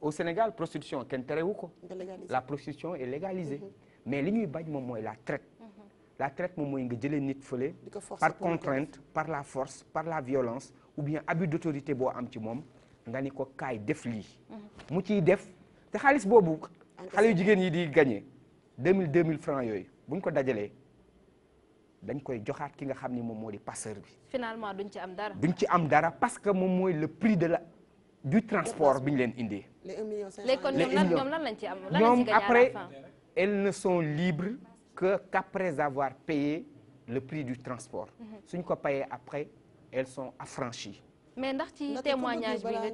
au Sénégal prostitution kenn terewu ko la prostitution est légalisée mm-hmm. mais li ñuy bañ mom moy la traite mm-hmm. la traite mom moy nga jëlé nit feulé par contrainte par la force par la violence ou bien abus d'autorité bo am ci mom nga ni ko kay def li mm-hmm. mu ciy def te xaalis bobu xale yu jigéen yi di gagner deux mille deux mille francs yoy. buñ ko dajalé dañ koy joxaat ki nga xam ni moom moo di passeur bi. finalement duñ ci am dara. duñ ci am dara parce que moom mooy le prix de la du transport bi ñu leen indee. les 1 million 500 kon ñoom lan lañ ci am après elles ne sont libres que qu'après avoir payé le prix du transport. Mhm. suñ ko payee après elles sont affranchies mais ndax ci témoignage bi nga ngay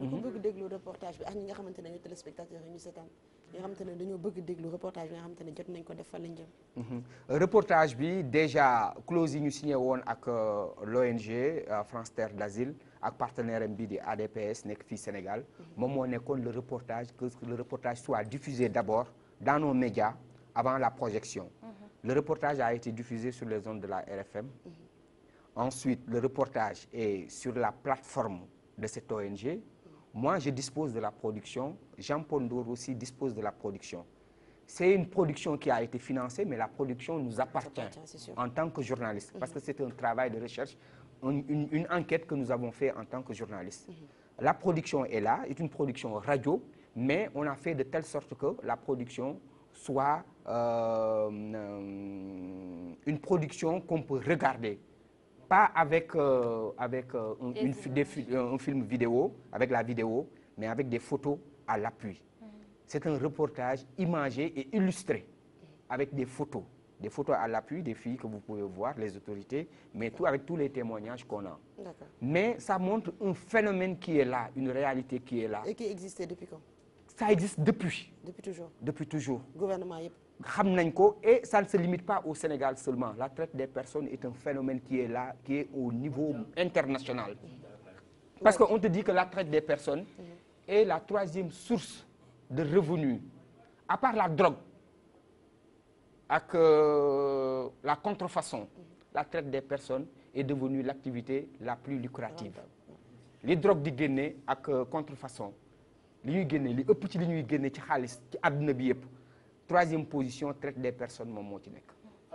mais ko bëgg déglu reportage bi ak ñi nga xamante ne téléspectateurs ñu seetaan ñi nga xamante ne bëgg déglu reportage bi nga xamantene jot nañ ko def fa lañ jëm mhm. reportage bi déjà closing ñu signé woon ak euh, l'ONG euh, France Terre d'Asile ak partenaire bi di ADPS nek fi Sénégal mom mhm. mo nekkoon le reportage que le reportage soit diffusé d'abord dans nos médias avant la projection mhm. le reportage a été diffusé sur les ondes de la RFM Ensuite, le reportage est sur la plateforme de cette ONG. Moi, je dispose de la production. Jean paul Dour aussi dispose de la production. C'est une production qui a été financée, mais la production nous appartient, en tant que journaliste, mhm. parce que c'est un travail de recherche, une, enquête que nous avons fait en tant que journaliste. Mhm. La production est là, est une production radio, mais on a fait de telle sorte que la production soit euh, euh, une production qu'on peut regarder pas avec, euh, avec euh, euh, un, film vidéo, avec la vidéo, mais avec des photos à l'appui. Mm. C'est un reportage imagé et illustré avec des photos. Des photos à l'appui des filles que vous pouvez voir, les autorités, mais tout avec tous les témoignages qu'on a. Mais ça montre un phénomène qui est là, une réalité qui est là. Et qui existait depuis quand Ça existe depuis. Depuis toujours Depuis toujours. Gouvernement, et ça ne se limite pas au Sénégal seulement la traite des personnes est un phénomène qui est là qui est au niveau international parce qu'on te dit que la traite des personnes est la troisième source de revenus à part la drogue avec euh, la contrefaçon la traite des personnes est devenue l'activité la plus lucrative Les drogues di avec ak euh, contrefaçon les troisième position traite des personnes mon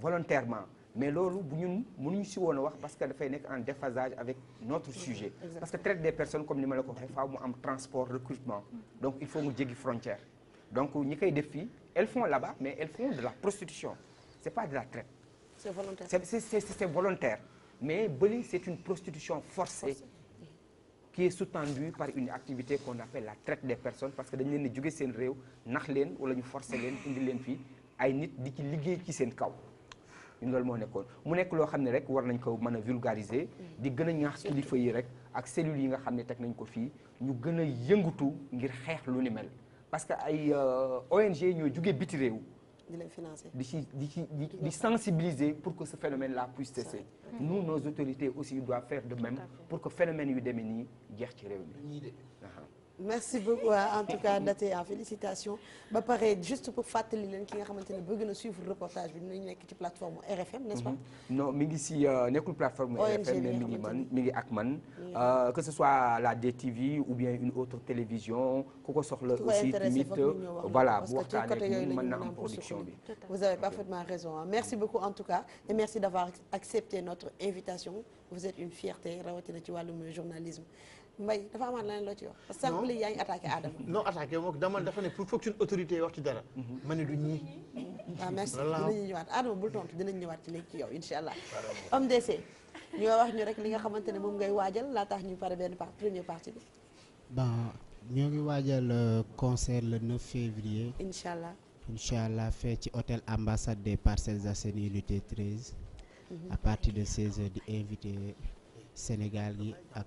volontairement mais ce n'est pas si c'est parce qu'elle fait en déphasage avec notre sujet. parce que traite des personnes comme nous ma la ko waxee transport recrutement. donc il faut mu les frontière. donc ñi que des filles, elles font là-bas mais elles font de la prostitution Ce n'est pas de la traite. c'est volontaire c'est volontaire mais Boli c'est une prostitution forcée. qui est sous-tendue par une activité qu'on appelle la traite des personnes parce que les leen di jóge seen réew des leen wala ñu forcer indi leen ay nit di ci liggéey ci seen kaw ñun loolu mo nekkoon mu nekk loo xam ne rek war nañ ko mën a vulgariser di gën a ñaax kilifa yi rek ak cellules yi nga xam ne teg nañ ko fii ñu gën a yëngatu ngir xeex lu ni mel parce que ay euh, ONG ñoo jugee biti réew di leen financer di ci di ci di sensibiliser pour que ce phénomène là puisse cesser nous nos autorités aussi doivent faire de même pour que phénomène yu demee nii jeex ci réew mi merci beaucoup hein, en tout cas Ndaté hein, félicitations vais parler juste pour Fatel, le ki nga xamante ne suivre le reportage bi dinañ plateforme RFM n'est-ce pas. Mm-hmm. non euh, mais ici, si une plateforme. RFM mais il y a que ce soit la DTV ou bien une autre télévision quoi ko soxla. aussi limite. voilà bu waxtaanee mën en production vous avez parfaitement raison hein. merci beaucoup en tout cas et merci d'avoir accepté notre invitation vous êtes une fierté rawatina ci le journalisme. Mbaye dafa amaat leneen loo ci wax. parce que sànq léegi yaa ngi attaqué Adama. non attaqué moom dama dafa ne pour foog suñu autorité wax ci dara. Mhm. ma ne du ñii. waaw ah, merci dinañu ñëwaat Adama bul tontu dinañ ñëwaat ci léegi ci yow incha allah. homme d'essai ñu wax ñu rek li nga xamante ne moom ngay waajal laa tax ñu pare benn part première partie bi. bon ñoo ngi waajal euh, concert le 9 février. incha allah. fait allah fee ci hôtel ambassade des Parcelles Assainies unité 13. Mhm. à partir de 16h di invité Sénégal yi ak.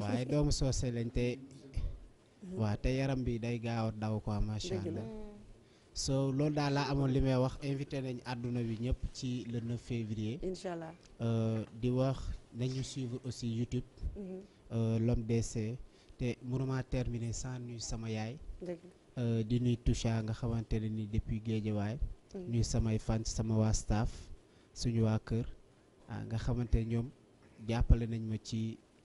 waaye doomu soose lañ te mhm. waaw te yaram bi day gaaw a daw ko macha allah so loolu daal laa amoon li may wax invité nañ àdduna bi ñëpp ci le 9 février. incha euh, di wax nañu suivre aussi YouTube. Mhm. Euh, l'homme DC te mënuma terminer sans nuyu sama yaay. Euh, di nuy nga xamante ne ni depuis Guédiawaye. Mhm. nuyu samay fan sama waa suñu waa kër ah, nga xamante ñoom jàppale nañ ma ci.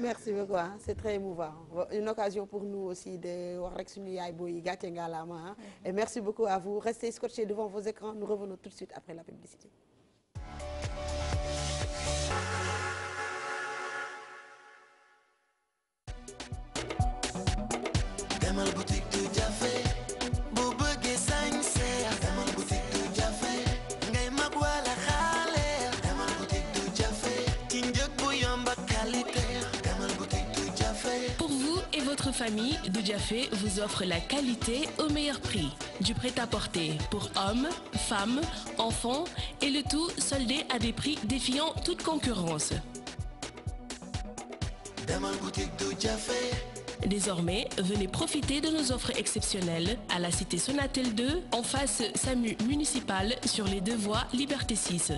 merci beaucoup hein. c'est très émouvant une occasion pour nous aussi de hein. et merci beaucoup à vous restez scotchés devant vos écrans nous revenons tout de suite après la publicité famille vous offre la qualité au meilleur prix. Du prêt-à-porter pour hommes, femmes, enfants et le tout soldé à des prix défiant toute concurrence. Désormais, venez profiter de nos offres exceptionnelles à la cité Sonatel 2 en face SAMU municipal sur les deux voies Liberté 6.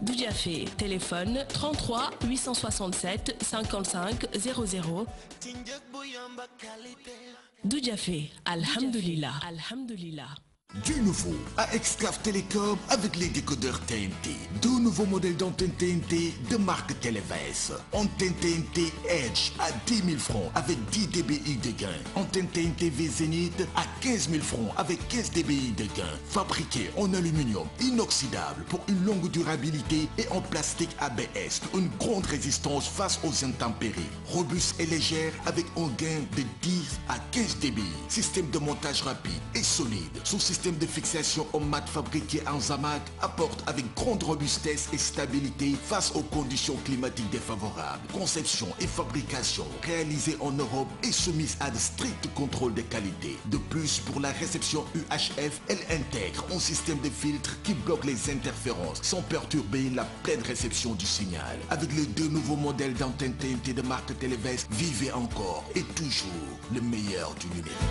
Dujafé, téléphone 33 867 55 00. Dujafé, Alhamdulillah. Alhamdulillah. Du nouveau à Exclave Telecom avec les décodeurs TNT. Deux nouveaux modèles d'antenne TNT de marque Televes. Antenne TNT Edge à 10 000 francs avec 10 dBi de gain. Antenne TNT V Zenith à 15 000 francs avec 15 dBi de gain. Fabriqué en aluminium inoxydable pour une longue durabilité et en plastique ABS. Une grande résistance face aux intempéries. Robuste et légère avec un gain de 10 à 15 dBi. Système de montage rapide et solide. Sous système système de fixation au mat fabriqué en Zamac apporte avec grande robustesse et stabilité face aux conditions climatiques défavorables. Conception et fabrication réalisées en Europe et soumises à de stricts contrôles de qualité. De plus, pour la réception UHF, elle intègre un système de filtre qui bloque les interférences sans perturber la pleine réception du signal. Avec les deux nouveaux modèles d'antenne TNT de marque Televest, vivez encore et toujours le meilleur du numérique.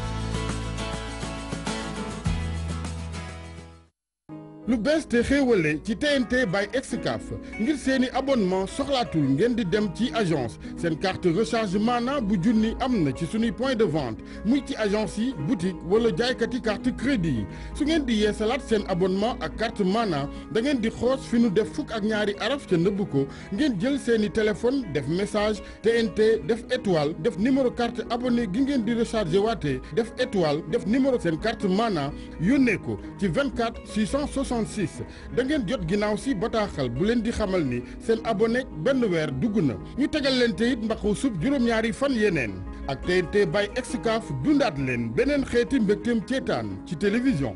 lu bees te xéewale ci TNT by Excaf ngir seen abonnement soxlaatul ngeen di dem ci agence seen carte recharge mana. bu junni am na ci suñuy point de vente muy ci agence yi boutique wala jaaykati carte crédit yi su ngeen di yeesalaat seen abonnement ak carte mana. da ngeen di xoos fi nu def fukk ak ñaari araf ca nëbb ko ngeen jël seen téléphone def message TNT def étoile def numéro carte abonné gi ngeen di rechargé waate def étoile def numéro seen carte mana yónnee ko ci 24 660 66 da ngeen jot ginnaaw si bataaxal bu leen di xamal ni seen abonné benn weer dugg na ñu tegal leen it mbaqu sub juróom-ñaari fan yeneen ak TNT bay Excaf dundaat leen beneen xeeti mbégteem ceetaan ci télévision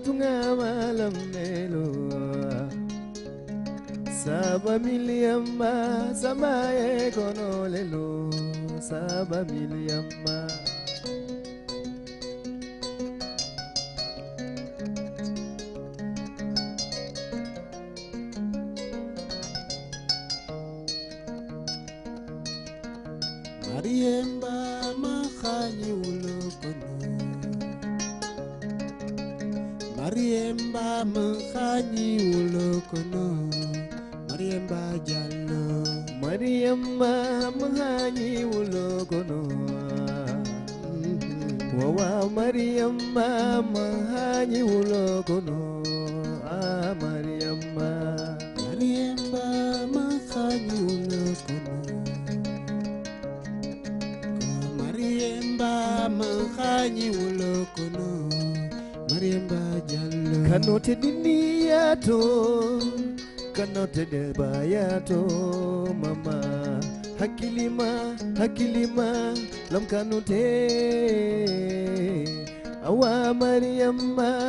tunga lelo Saba miliamba samaye kono lelo Saba miliamba tadaba ya to mama hakilima hakilima lamkanute awa maryamma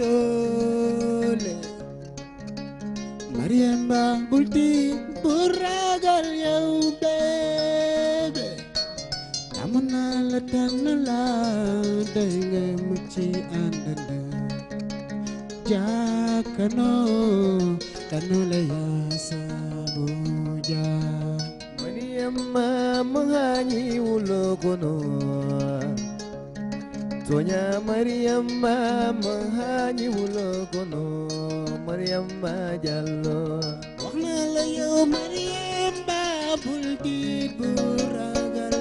dole Mariamba bulti buragal yow bebe Namuna la tanala denge muchi andanda Jakano kanula ya sabuja Mariamba muhanyi ulogono Soña Mariama ma xaañi wuloo kono Mariama Jallo wax na la yow Mariama bul tiit bu ragal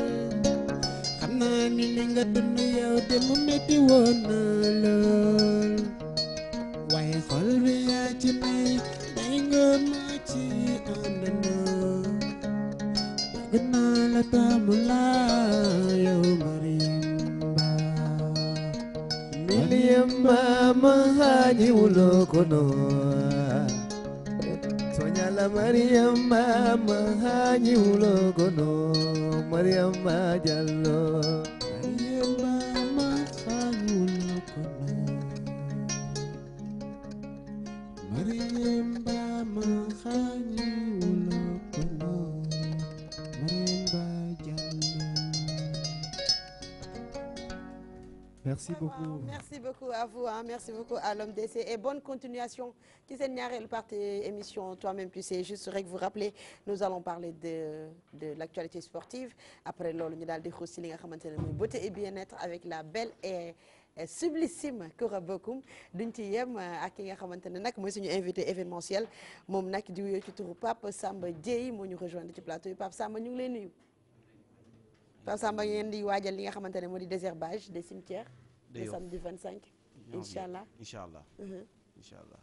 xam naa ni li nga dund mu metti woon na waaye xol bi ci may day nga ci àndandoo bëgg naa la taamu laa yow ma yamma manhaji wulo kono sonyala mariamma manhaji wulo kono mariamma jallo mariamma manhaji wulo kono mariamma manhaji merci beaucoup merci beaucoup à vous hein. merci beaucoup à l'OMDC. et bonne continuation ci seen par parti émission toi-même tu sais juste que vous rappelez, nous allons parler de de l'actualité sportive après le ñu de de xuus ci beauté et bien-être avec la belle et sublissime Koura Bokoum, duñ ci yem euh, ak nga invité événementiel moom nak di wuyoo ci turu Pape Samba Dieye nous ñu rejoindre plateau Pape Samba ñu ngi Pape Samba ngeen di waajal li nga xamante désherbage des cimetières. le samedi 25. Inch'Allah. Inch'Allah. Mhm. incha allah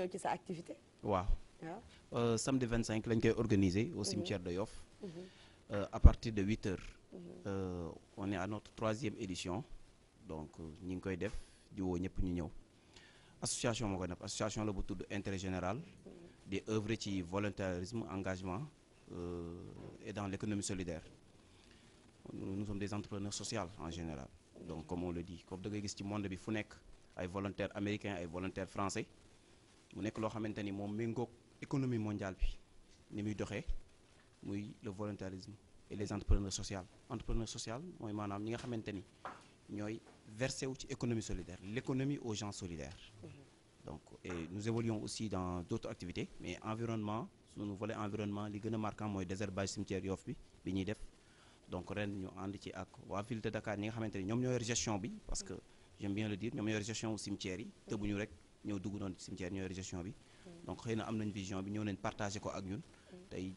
incha sa activité. waaw euh, samedi 25 nous koy organisé au mhm. cimetière de Yoff. Mhm. Euh, à partir de 8 h euh, on est à notre troisième édition. donc nous ngi koy def di ñu association association la bu tudd intérêt général. di ci volontarisme engagement et dans l'économie solidaire nous, sommes des entrepreneurs sociaux en général donc comme on le dit comme da le gis ci monde bi fu volontaires américains et volontaires français mu nekk que xamante ni l'économie économie mondiale bi ni muy le volontarisme et les entrepreneurs sociaux Entrepreneurs sociaux, nous maanaam ñi nga xamante versé l'économie économie solidaire l'économie aux gens solidaires mm-hmm. donc et nous évoluons aussi dans d'autres activités mais environnement Nous volet environnement li gens a le désert désherbage cimetière bi bi donc ren ñu and ci ak wa ville de Dakar ñi nga xamanteni ñom ñoy gestion bi parce que j'aime bien le dire ñoom ñoo gestion au cimetière yi te buñu rek ñeu dugg non ci cimetière ñoy gestion bi donc xeyna am nañ vision bi ñeu nañ partager ko ak ñun tay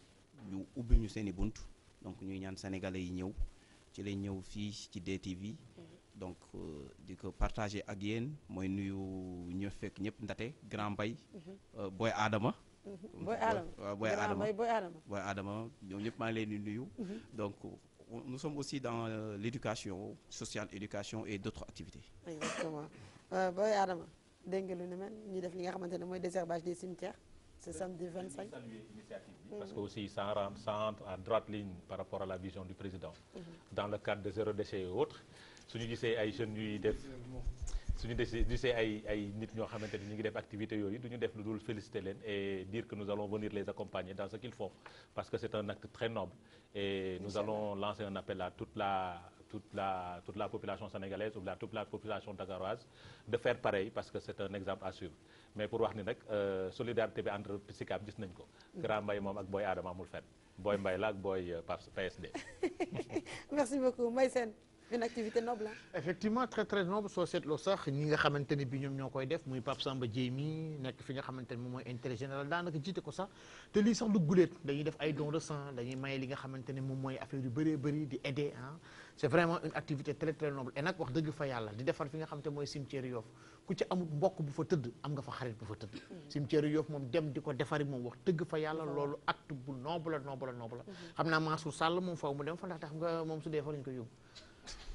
ñu ubbi ñu seen buntu donc ñuy ñaan sénégalais yi ñëw ci lay ñëw fi ci DTV donc euh, di ko partagé ak yéen mooy nuyu ñu fekk ñëpp ndate grand mbay euh, booy aadama booy aadama booy aadama booy aadama ñoom ñëpp maa ngi leen di nuyu mhm. donc nous sommes aussi dans euh, l'éducation sociale, éducation et d'autres activités. Exactement. Euh, Boy Adam, nous avons des désherbage des cimetières. C'est samedi 25. saluer parce que mhm. aussi ça rentre en droite ligne par rapport à la vision du président. Mhm. Dans le cadre de zéro déchet et autres, si nous disons à jeunes, nous gisee ay ay nit ñoo féliciter et dire que nous allons venir les accompagner dans ce qu'ils font parce que c'est un acte très noble et nous allons lancer un appel à toute la toute la toute la population sénégalaise ou à toute la population dakaroise de faire pareil parce que c'est un exemple à suivre mais pour wax ni euh, solidarité entre les gis nañ ko Grand Mbaye Mom ak Boy Adam amul Boy Mbaye la ak Boy euh, PSD merci beaucoup Mbaye une activité noble hein? effectivement très très noble soo seetloo sax ni nga xamante ni bi ñoom ñoo koy def muy Pape Samba Dieye mi nekk fi nga xamante ni moom mooy intérêt général daanaka jiite ko sax te lii sax du guleet dañuy def ay don de sang dañuy maye li nga xamante ni moom mooy affaire yu bëree bëri di aider Hein? c'est vraiment une activité très très noble et nag wax dëgg fa yàlla di defar fi nga xamante mooy cimetière Yoff ku ci amul mbokk bu fa tëdd am nga fa xarit bu fa tëdd cimetière Yoff moom dem di ko defari moom wax dëgg fa yàlla loolu acte bu noble noble la noble la mm-hmm. xam naa Mansour Sall moom faw mu dem fa la tax nga moom su dee fa ko yóbbu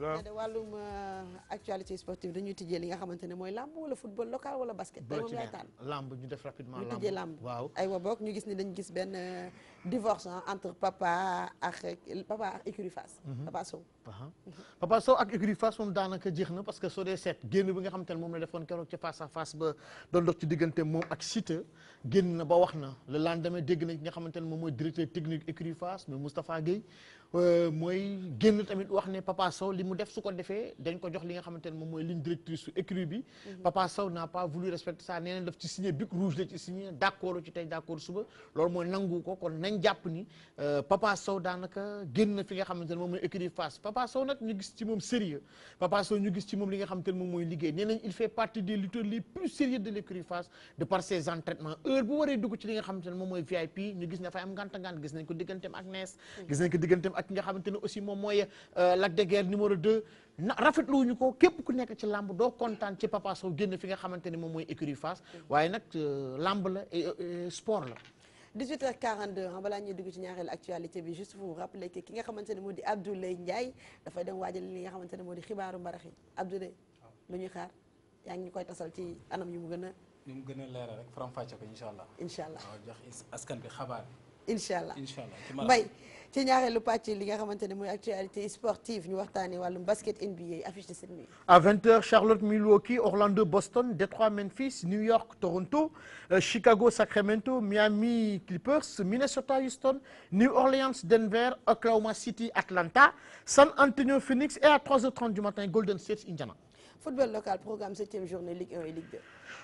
de wàllum euh, actualité sportive dañuy tijjee li nga xamante ne mooy làmb wala football local wala basket. tey moom yaay tànn làmb ñu def rapidement. làmb ñu tijjee làmb waaw. aywa boog ñu gis ni dañu gis benn euh, divorce entre papa ak papa ak écurie mhm. mhm. papa Sow. ak écurie moom daanaka jeex na parce que soo dee seet génn bi nga xamante moom la defoon keroog ca face à face ba doon dox ci diggante moom ak Siteu génn na ba wax na le lendemain dégg na ki nga xamante ne moom mooy directeur technique Euh, mooy génn tamit wax né Papa saw limu def suko défé dañ ko jox li nga xamante mom moy mooy ligne directrice su écrit bi. Mhm. Papa saw n'a pas voulu respecter ça nee daf ci signé bic rouge la ci signé d'accord ci tay d'accord suba lool moy nangu ko kon nañ japp ni euh, Papa saw danaka génn fi nga xamante mom moy mooy écrit face Papa saw nag ñu gis ci mom sérieux Papa saw ñu gis ci mom li nga xamante mom moy mooy liggéey nee il fait partie des lutteurs les plus sérieux de l'écrit face de par ses entraînements heure bu waree dugg ci li nga xamante mom moy VIP ñu gis na dafay am ngànta ngànt gis nañ ko digganteem ak Ness gis nañ ko digganteem ki nga xamante ne aussi moom mooy euh, Lac de Guiers numéro 2 na rafetlu wuñu ko képp ku nekk ci làmb doo kontaan ci Papa Sow génn fi nga xamante ne moom mooy écurie Fass waaye nag euh, lamb la euh, sport la. 18h42 ah, balaa ñuy dugg ci actualité bi juste pour ki nga xamante ne moo di Abdoulaye Ndiaye dafay dem waajal li nga xamante ne moo di xibaaru mbarax yi Abdoulaye. lu ñuy xaar yaa ngi ñu koy tasal ci anam ñu mu gën a. yu mu gën a leeral rek faram-fàcce ko incha allah. incha allah askan bi xabaar Inch'Allah. Oui. incha allah le ci li nga actualité sportive ñu basket NBA affiche de cette nuit. à 20h Charlotte Milwaukee Orlando Boston Detroit Memphis New York Toronto euh, Chicago Sacramento Miami Clippers Minnesota Houston New Orleans Denver Oklahoma City Atlanta San Antonio Phoenix et à 3h30 du matin Golden State Indiana. football local programme 7ème journée Ligue 1 et Ligue 2.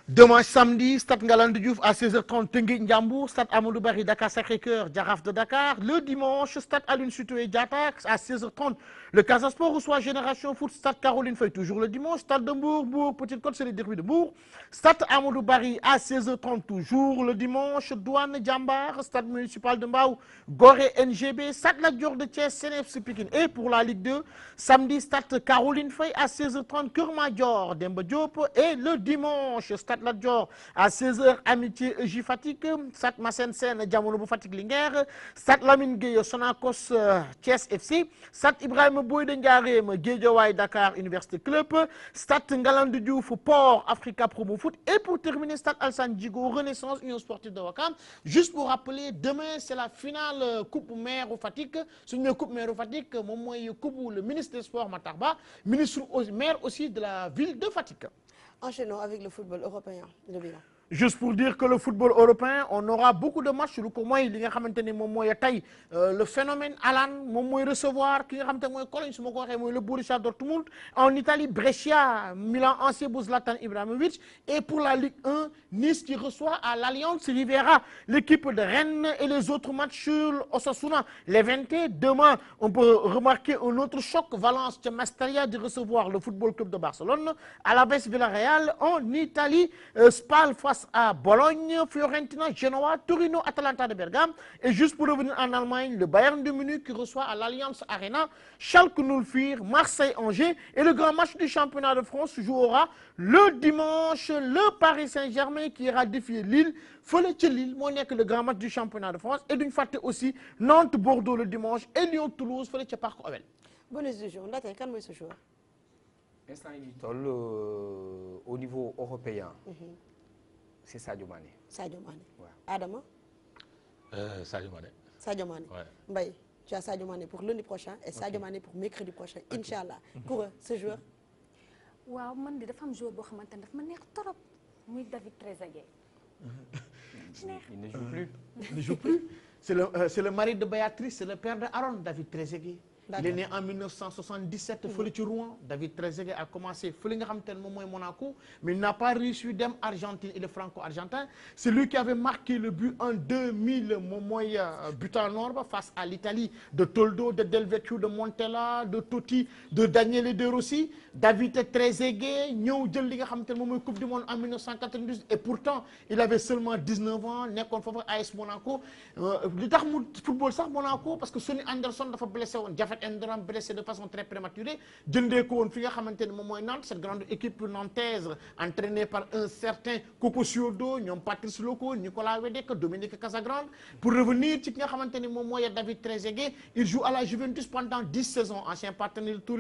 Demain samedi, Stade de Diouf à 16h30, Tengue Ndiambour, Stade Amadou Barry Dakar Sacré-Cœur, Diaraf de Dakar. Le dimanche, Stade Alun Situé et à 16h30. Le Casasport reçoit Génération Foot, Stade Caroline Feuille, toujours le dimanche. Stade de Bourg, Bourg, Petite Côte, c'est les de Bourg. Stade Amadou Barry à 16h30, toujours le dimanche. Douane Djambar, Stade Municipal de Mbao, Goré NGB, Stade La Dior de Thiès, CNFC Et pour la Ligue 2, samedi, Stade Caroline Feuille à 16h30, Kurma Dior, Demba Diop. Et le dimanche, stade Ladjor à 16h Amitié J Stat stade Sen Sène jamono Linger. stade Lamine Gueye Sonakos euh, Thiès FC stade Ibrahim Dakar Université Club stade Ngalandou Diouf Port Africa Promo Foot et pour terminer stade Al Djigo Renaissance Union Sportive de Wakam. juste pour rappeler demain c'est la finale euh, coupe maire au C'est une coupe maire au Fatik, le ministre des sports Matarba ministre maire aussi de la ville de Fatik. Enchaînons avec le football européen, le bilan juste pour dire que le football européen on aura beaucoup de matchs euh, le phénomène Alan le recevoir qui le Borussia Dortmund en Italie Brescia Milan ancien Bouzlatan Ibrahimovic et pour la Ligue 1 Nice qui reçoit à l'Alliance verra l'équipe de Rennes et les autres matchs sur Osasuna et demain on peut remarquer un autre choc Valence de de recevoir le Football Club de Barcelone à la baisse Villarreal en Italie euh, Spal face à Bologne, Fiorentina, Genoa, Torino, Atalanta de Bergame. Et juste pour revenir en Allemagne, le Bayern de Munich qui reçoit à l'Alliance Arena, Schalke 04, Marseille-Angers. Et le grand match du championnat de France jouera le dimanche, le Paris Saint-Germain qui ira défier Lille. fële Lille Moniaque, que le grand match du championnat de France et d'une fête aussi Nantes Bordeaux le dimanche et Lyon Toulouse fële Parc Ovel. bonus on jour ndaxte kan Est-ce euh, au niveau européen. Mhm c'est Sadio Mané. Sadio Mané waaw Adama. Sadio euh, Mane. Sadio Mané Mbaye tu as Sadio Mané pour lundi prochain et Sadio Mané pour mercredi prochain Inch'Allah. pour euh, ce joueur. wow man de dafa am joueur qui xamante dafa David Trezeguet. il ne joue plus. il ne joue plus c'est le euh, c'est le mari de Béatrice c'est le père de Aaron David Trezeguet il est né en 1977 fële Rouen David Trezeguet a commencé fële nga Monaco mais il n'a pas réussi dem Argentine et le franco-argentin c'est lui qui avait marqué le but en 2000 moom but en en face à l'Italie de Toldo de Del Vecchio de Montella de Totti de Daniel De Rossi David Trezeguet Nyon a li nga xam de coupe du monde en 1992 et pourtant il avait seulement 19 ans nekkoon à AS Monaco euh, li tax mu football sax Monaco parce que Sonny Anderson fait blessé blesser un drame blessé de façon très prématurée jëndee ko fi nga Nantes cette grande équipe nantaise entraînée par un certain Coco Ciodo Nyon Patrice Loco Nicolas Wedek Dominique Casagrande pour revenir ci nga il David Trezeguet il joue à la Juventus pendant 10 saisons ancien partenaire de Tour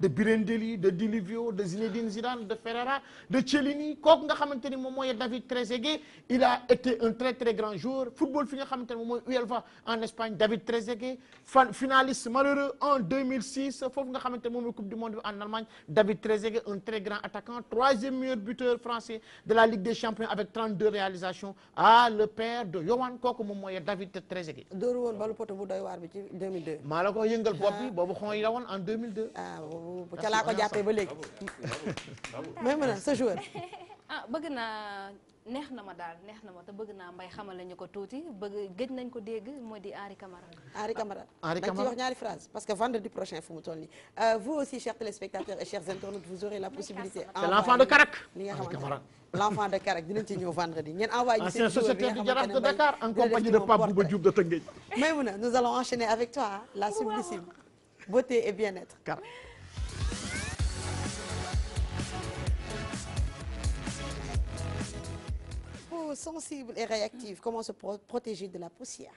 de Birendelli de Dilivio, de Zinedine Zidane de Ferrara de Cellini kooku nga xamante il moom David Trezeguet il a été un très très grand joueur football fi nga xamante ne moom UEFA en Espagne David Trezeguet finaliste malheureux en 2006 coupe du monde en Allemagne David Trezeguet un très grand attaquant troisième meilleur buteur français de la Ligue des champions avec 32 réalisations ah le père de Yohan Koko David Trezeguet. Deux 2002. en 2002. Ah, joueur. Ah, neex na ma daal neex na ma te bëgg naa mbay xamal la ko tuuti bëgg gëj nañ ko dégg mooy di Henri Camara. Henri Camara ah, dañ ci wax ñaari phrase parce que vendredi prochain fu mu toll nii euh, vous aussi chers téléspectateurs et chers internautes vous aurez la possibilité. c'est l'enfant de Karak li nga xamante l'enfant de Karak dinañ ci ñëw vendredi ngeen envoyé. ñu société sociétaire du Jaraaf de Dakar en compagnie de Pape Bouba Diouf de Tengue. Maïmouna nous allons enchaîner avec toi hein. la sublissime beauté et bien-être. sensible et réactive, comment se protéger de la poussière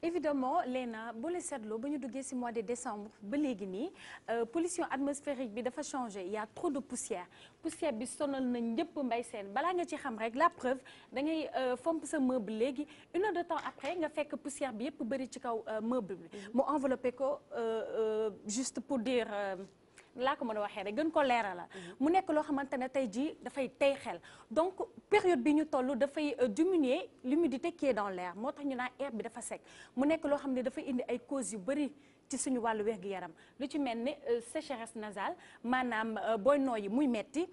évidemment Léna si le seetloo ba le ci mois de décembre ba euh, pollution atmosphérique a changé il y a trop de poussière poussière bi sonal na ñëpp mbay seen balaa nga ci xam la preuve da ngay euh, fomp sa meuble léegi une heure de temps après nga fekk poussière bi yëpp train ci kaw euh, meuble bi mm-hmm. enveloppé ko juste pour dire laa ko mën a waxee rek gën ko leerala la mhm. mu nekk loo xamante ne tey jii dafay tey xel donc période bi ñu toll dafay euh, diminuer l'humidité di tekkee dans leer moo tax ñu naan air bi dafa sekk mu nekk loo xam ne dafay indi ay causes yu bëri ci suñu wàllu wér-gu-yaram lu ci mel ni euh, sécheresse nasale maanaam euh, booy nooyi muy metti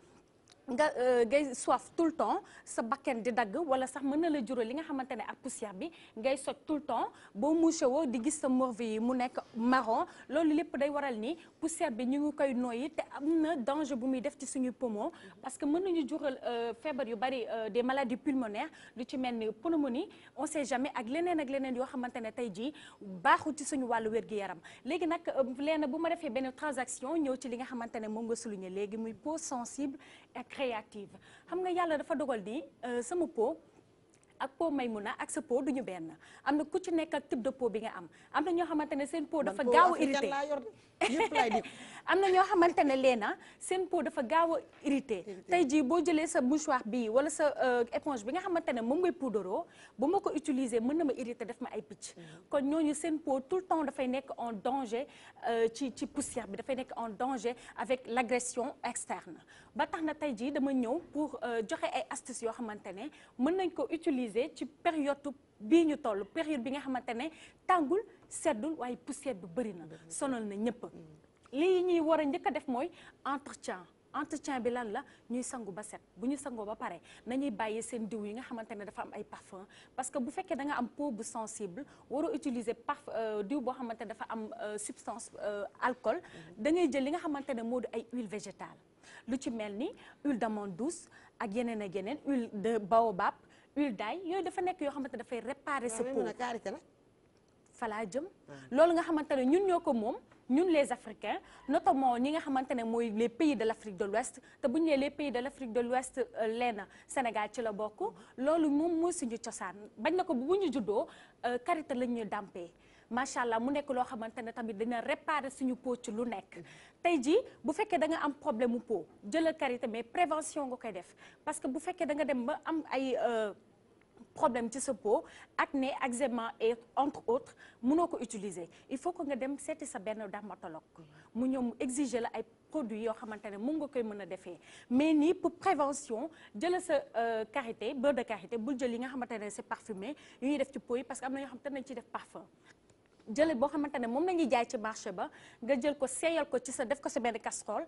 nga euh, ngay soif tout le temps sa bakken di dag wala sax mën na la jural li nga xamantene ne ak poussière bi ngay soj tout le temps bo mouché woo di gis sa morve yi mu nek marron lolou lepp day waral ni poussière bi ñu ngi koy noyé té amna danger bu muy def ci suñu poumon parce que mën ñu jural euh, fièvre yu bari euh, des maladies pulmonaires lu ci mel ni pneumonie on sait jamais ak lenen ak lenen yo xamantene tay ji jii ci suñu walu wér-gu-yaram légui nak léna buma ma ben transaction ñew ci li nga xamantene mo nga souligné légui muy peau sensible ak créative xam nga yàlla dafa dogal di euh, sama peau ak may peau na ak sa peau du ñu benn am na ku ci nekk ak type de peau bi nga am am na ñoo xamante ne seen peau dafa gaaw a irrité amna ñoo xamantene ne leena ah, seen peau dafa gaaw a irrité tey jii boo jëlee sa mouchoir bii wala sa euh, éponge bi nga xamantene moom ngay poudre bu ma ko utiliser mën na ma irrité def ma ay picc mm-hmm. kon ñooñu seen peau tout le temps dafay nekk en danger euh, ci ci poussière bi dafay nekk en danger avec l'agression externe ba tax na tey jii dama ñëw pour euh, joxe ay astuces yoo xamantene mën nañ ko utiliser ci période bii ñu toll période bi nga xamantene tangul. tàngul seddul waye poussière bi bëri na sonal na ñëpp li ñuy wara ñëk def moy entretien entretien bi lan la ñuy sangu ba set bu ñu sangoo ba pare nañuy bayé sen diw yi nga xamantene dafa am ay parfum parce que bu fekkee da nga am peau bu sensible waro utiliser parfum euh, diw bo xamantene dafa am euh, substance euh, alcool da ngay jël li nga xamantene ne ay huile végétale lu ci melni huile d'amande douce ak yeneen ak yeneen huile de baobab huile d'ail yoy dafa nek yo xamantene da fay réparer sa peau falaa jëm loolu nga xamante ne ñun ñoo ko moom ñun les africains notamment ñi nga xamante ne mooy les pays de l' Afrique de l'Ouest te bu ñu nee les pays de l' Afrique de l'Ouest euh, leena Sénégal ci la bokk loolu moom mooy suñu cosaan bañ na ko bu ñu juddoo euh, karité lañ ñu dàmpee macha allah mu nekk loo xamante ne tamit dina réparer suñu peau ci lu nekk tey jii bu fekkee da am problème mu peau jëlal karité mais prévention nga koy def parce que bu fekkee da nga dem ba am ay euh, problème ci sa peau acné eczéma et entre autres mënoo ko utiliser il faut que nga dem seeti sa benn dermatologue mu ñëw exiger la ay produits yoo xamante ne mën nga koy mën a mais ni pour prévention jëla sa carité, euh, beurre de carité, bul jël yi nga xamante c'est parfumé yu ñuy def ci peau yi parce que am na yoo xamante ne nañ ciy def parfum jële boo xamante ne moom la ñuy jaay ci marché ba nga jël ko seeyal ko ci sa def ko sa benn casserole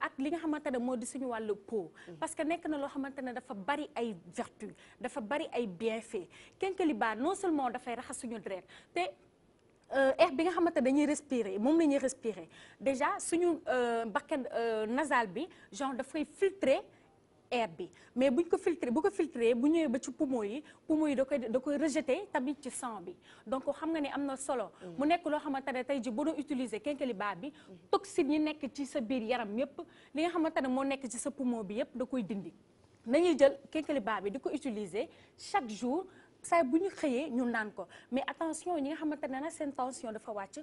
ak li nga xamante ne moo di suñu wàllu peau. Mm. parce que nekk na loo xamante ne dafa bari ay vertu dafa bari ay bienfait kenkeliba non seulement dafay raxas suñu deret te euh, air bi nga xamante dañuy respirer moom la ñuy respirer déjà suñu euh, bakkan euh, nasal bi genre dafay filtrer. air bi mais buñ ko filtrer bu ko filtrer bu ñëwee ba ci poumon yi poumon yi da koy da koy rejeté tamit ci sang bi donc xam nga ne amna solo mm. mu nekk lo xamantene tay ji boo doon utiliser kenkeliba bi mm. toxine yi nekk ci sa biir yaram yépp li nga xamantene mo nekk ci sa poumon bi yépp da koy dindi nañu jël kenkeliba bi diko utiliser chaque jour saay buñu xeyé ñu naan ko mais attention ñi nga xamantene na sen seen tension dafa wacc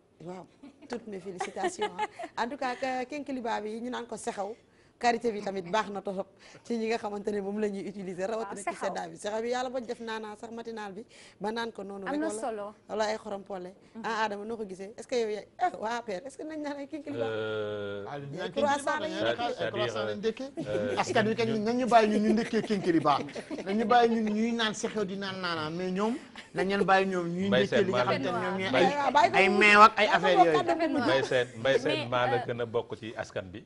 toutes mes félicitations hein. en tout cas qu'est-ce ñu pas ko karité bi tamit baax na torop ci ñi nga xamante ne moom la ñuy utiliser rawatina ci sedda bi saxa bi yàlla bañ def naanaa sax matinaal bi ba naan ko noonu rek am na ay xorom polle mm-hmm. ah, Adama noo ko gisee est-ce que ah, waa père est-ce que nañ naan ay kinkiliba croissant lañu ndékkee askan wi kañ nañu bàyyi ñun ñu ndékkee kinkiliba nañu bàyyi ñun ñuy naan saxew di naan naanaa mais ñoom nañ leen bàyyi ñoom ñuy ndékkee li nga xam ay affaire yooyu mbay seet mbay seet maa la euh, gën a bokk ci askan bi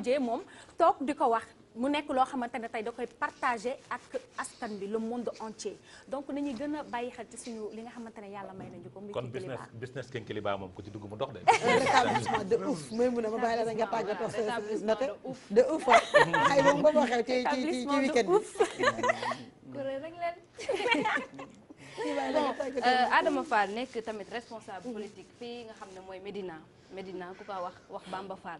mujjee moom toog di ko wax mu nekk loo xamante ne tey da koy partagé ak askan bi le monde entier donc nañuy gën a bàyyi xel ci suñu li nga xamante ne yàlla may nañu ko. muy kon moom ku ci dugg mu dox de. rétablissement de ouf mooy mu ne ma bàyyi la da nga pàgg toog sa nate de ouf ah. xëy moom ba ma xew ci ci ci ci euh, Adama Fall nekk tamit responsable politique fii nga xam ne mooy Médina Médina ku ko wax wax Bamba Fall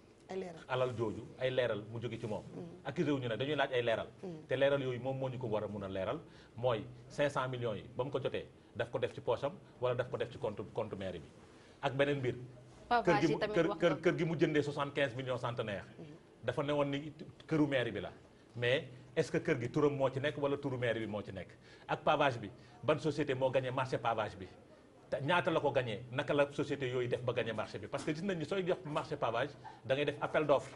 alal jooju ay leeral mu jóge ci moom accusé wuñu ne dañuy laaj ay leeral mm. te leeral yooyu moom moo ñu ko war a mun a leeral mooy 500 millions yi ba ko jotee daf ko def ci poosam wala ko def ci compte compte bi ak beneen mbir kër gi kër kër gi mu jëndee 75 millions centenaire mm. dafa ne woon ni këru mairie bi la mais est-ce que kër gi turam moo ci nekk wala turu mairie bi moo ci nekk ak pavage bi ban société moo gagné marché pavage bi ñaata la ko gagné naka la société yooyu def ba gagné marché bi parce que gis nañ ni sooy def marché pavage da def appel d'offre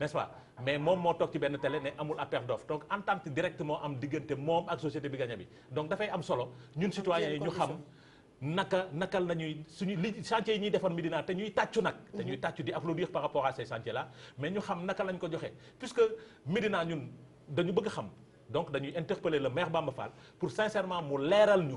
n'est-ce mais moom moo toog ci benn télé ne amul appel d'offre donc entente directement am diggante moom ak société bi gagné bi donc dafay am solo ñun citoyens yi ñu xam naka naka la ñuy suñu li chantier yi ñuy defar Médina te ñuy tàccu nag te mm-hmm. ñuy tàccu di applaudir par rapport à ces la mais ñu xam naka lañ ko joxe puisque Médina ñun dañu bëgg xam donc dañuy interpeller le maire Bamba Fall pour sincèrement mu leeral ñu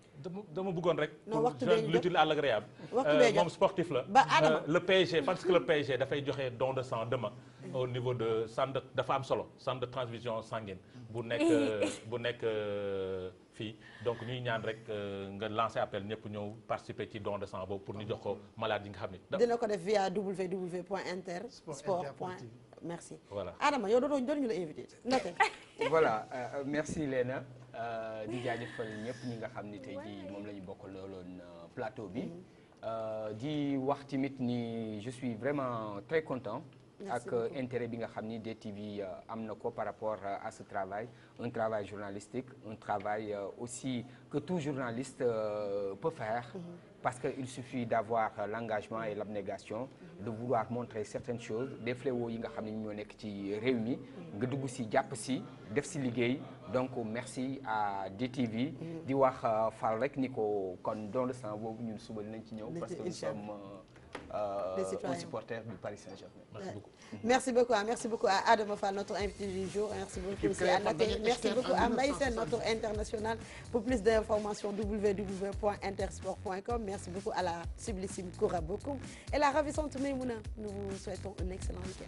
dama dama bëggoon rek. non waxtu l'utile à l'agréable. moom sportif la. Euh, le PSG parce que le PSG dafay joxe don de sang demain. au niveau de centre dafa am solo centre de transfusion sanguine. bu nekk bu nekk euh, fii donc ñuy ñaan rek euh, nga lancer appel ñëpp ñëw participer ci don de sang boobu pour ñu jox ko malade yi nga xam ni dina ko def via www point inter. sport point merci. voilà Adama yow dootoo doon ñu la invité. voilà merci Léna. Euh, di jaajëfal ñëpp ñi nga xamni tay di mom lañu bokkal euh, plateau bi euh, di wax tamit ni je suis vraiment très content ak intérêt bi nga xamni DTV amna ko par rapport à ce travail un travail journalistique un travail aussi que tout journaliste peut faire mm-hmm parce qu'il suffit d'avoir euh, l'engagement et l'abnégation, de vouloir montrer certaines choses, des fléaux qui sont réunis, qui sont Donc, merci à DTV, d'y avoir euh, Falrek Nico, dans le sang, nous sommes parce que nous sommes. Euh, euh, aux supporters du Paris Saint-Germain. Merci beaucoup. Merci beaucoup, hein. merci beaucoup à Adam Fall, notre invité du jour. Merci beaucoup aussi à Nathalie. Merci beaucoup à Maïsen, notre international. Pour plus d'informations, www.intersport.com. Merci beaucoup à la sublissime Koura Bokoum et la ravissante Memouna. Nous vous souhaitons un excellent week-end.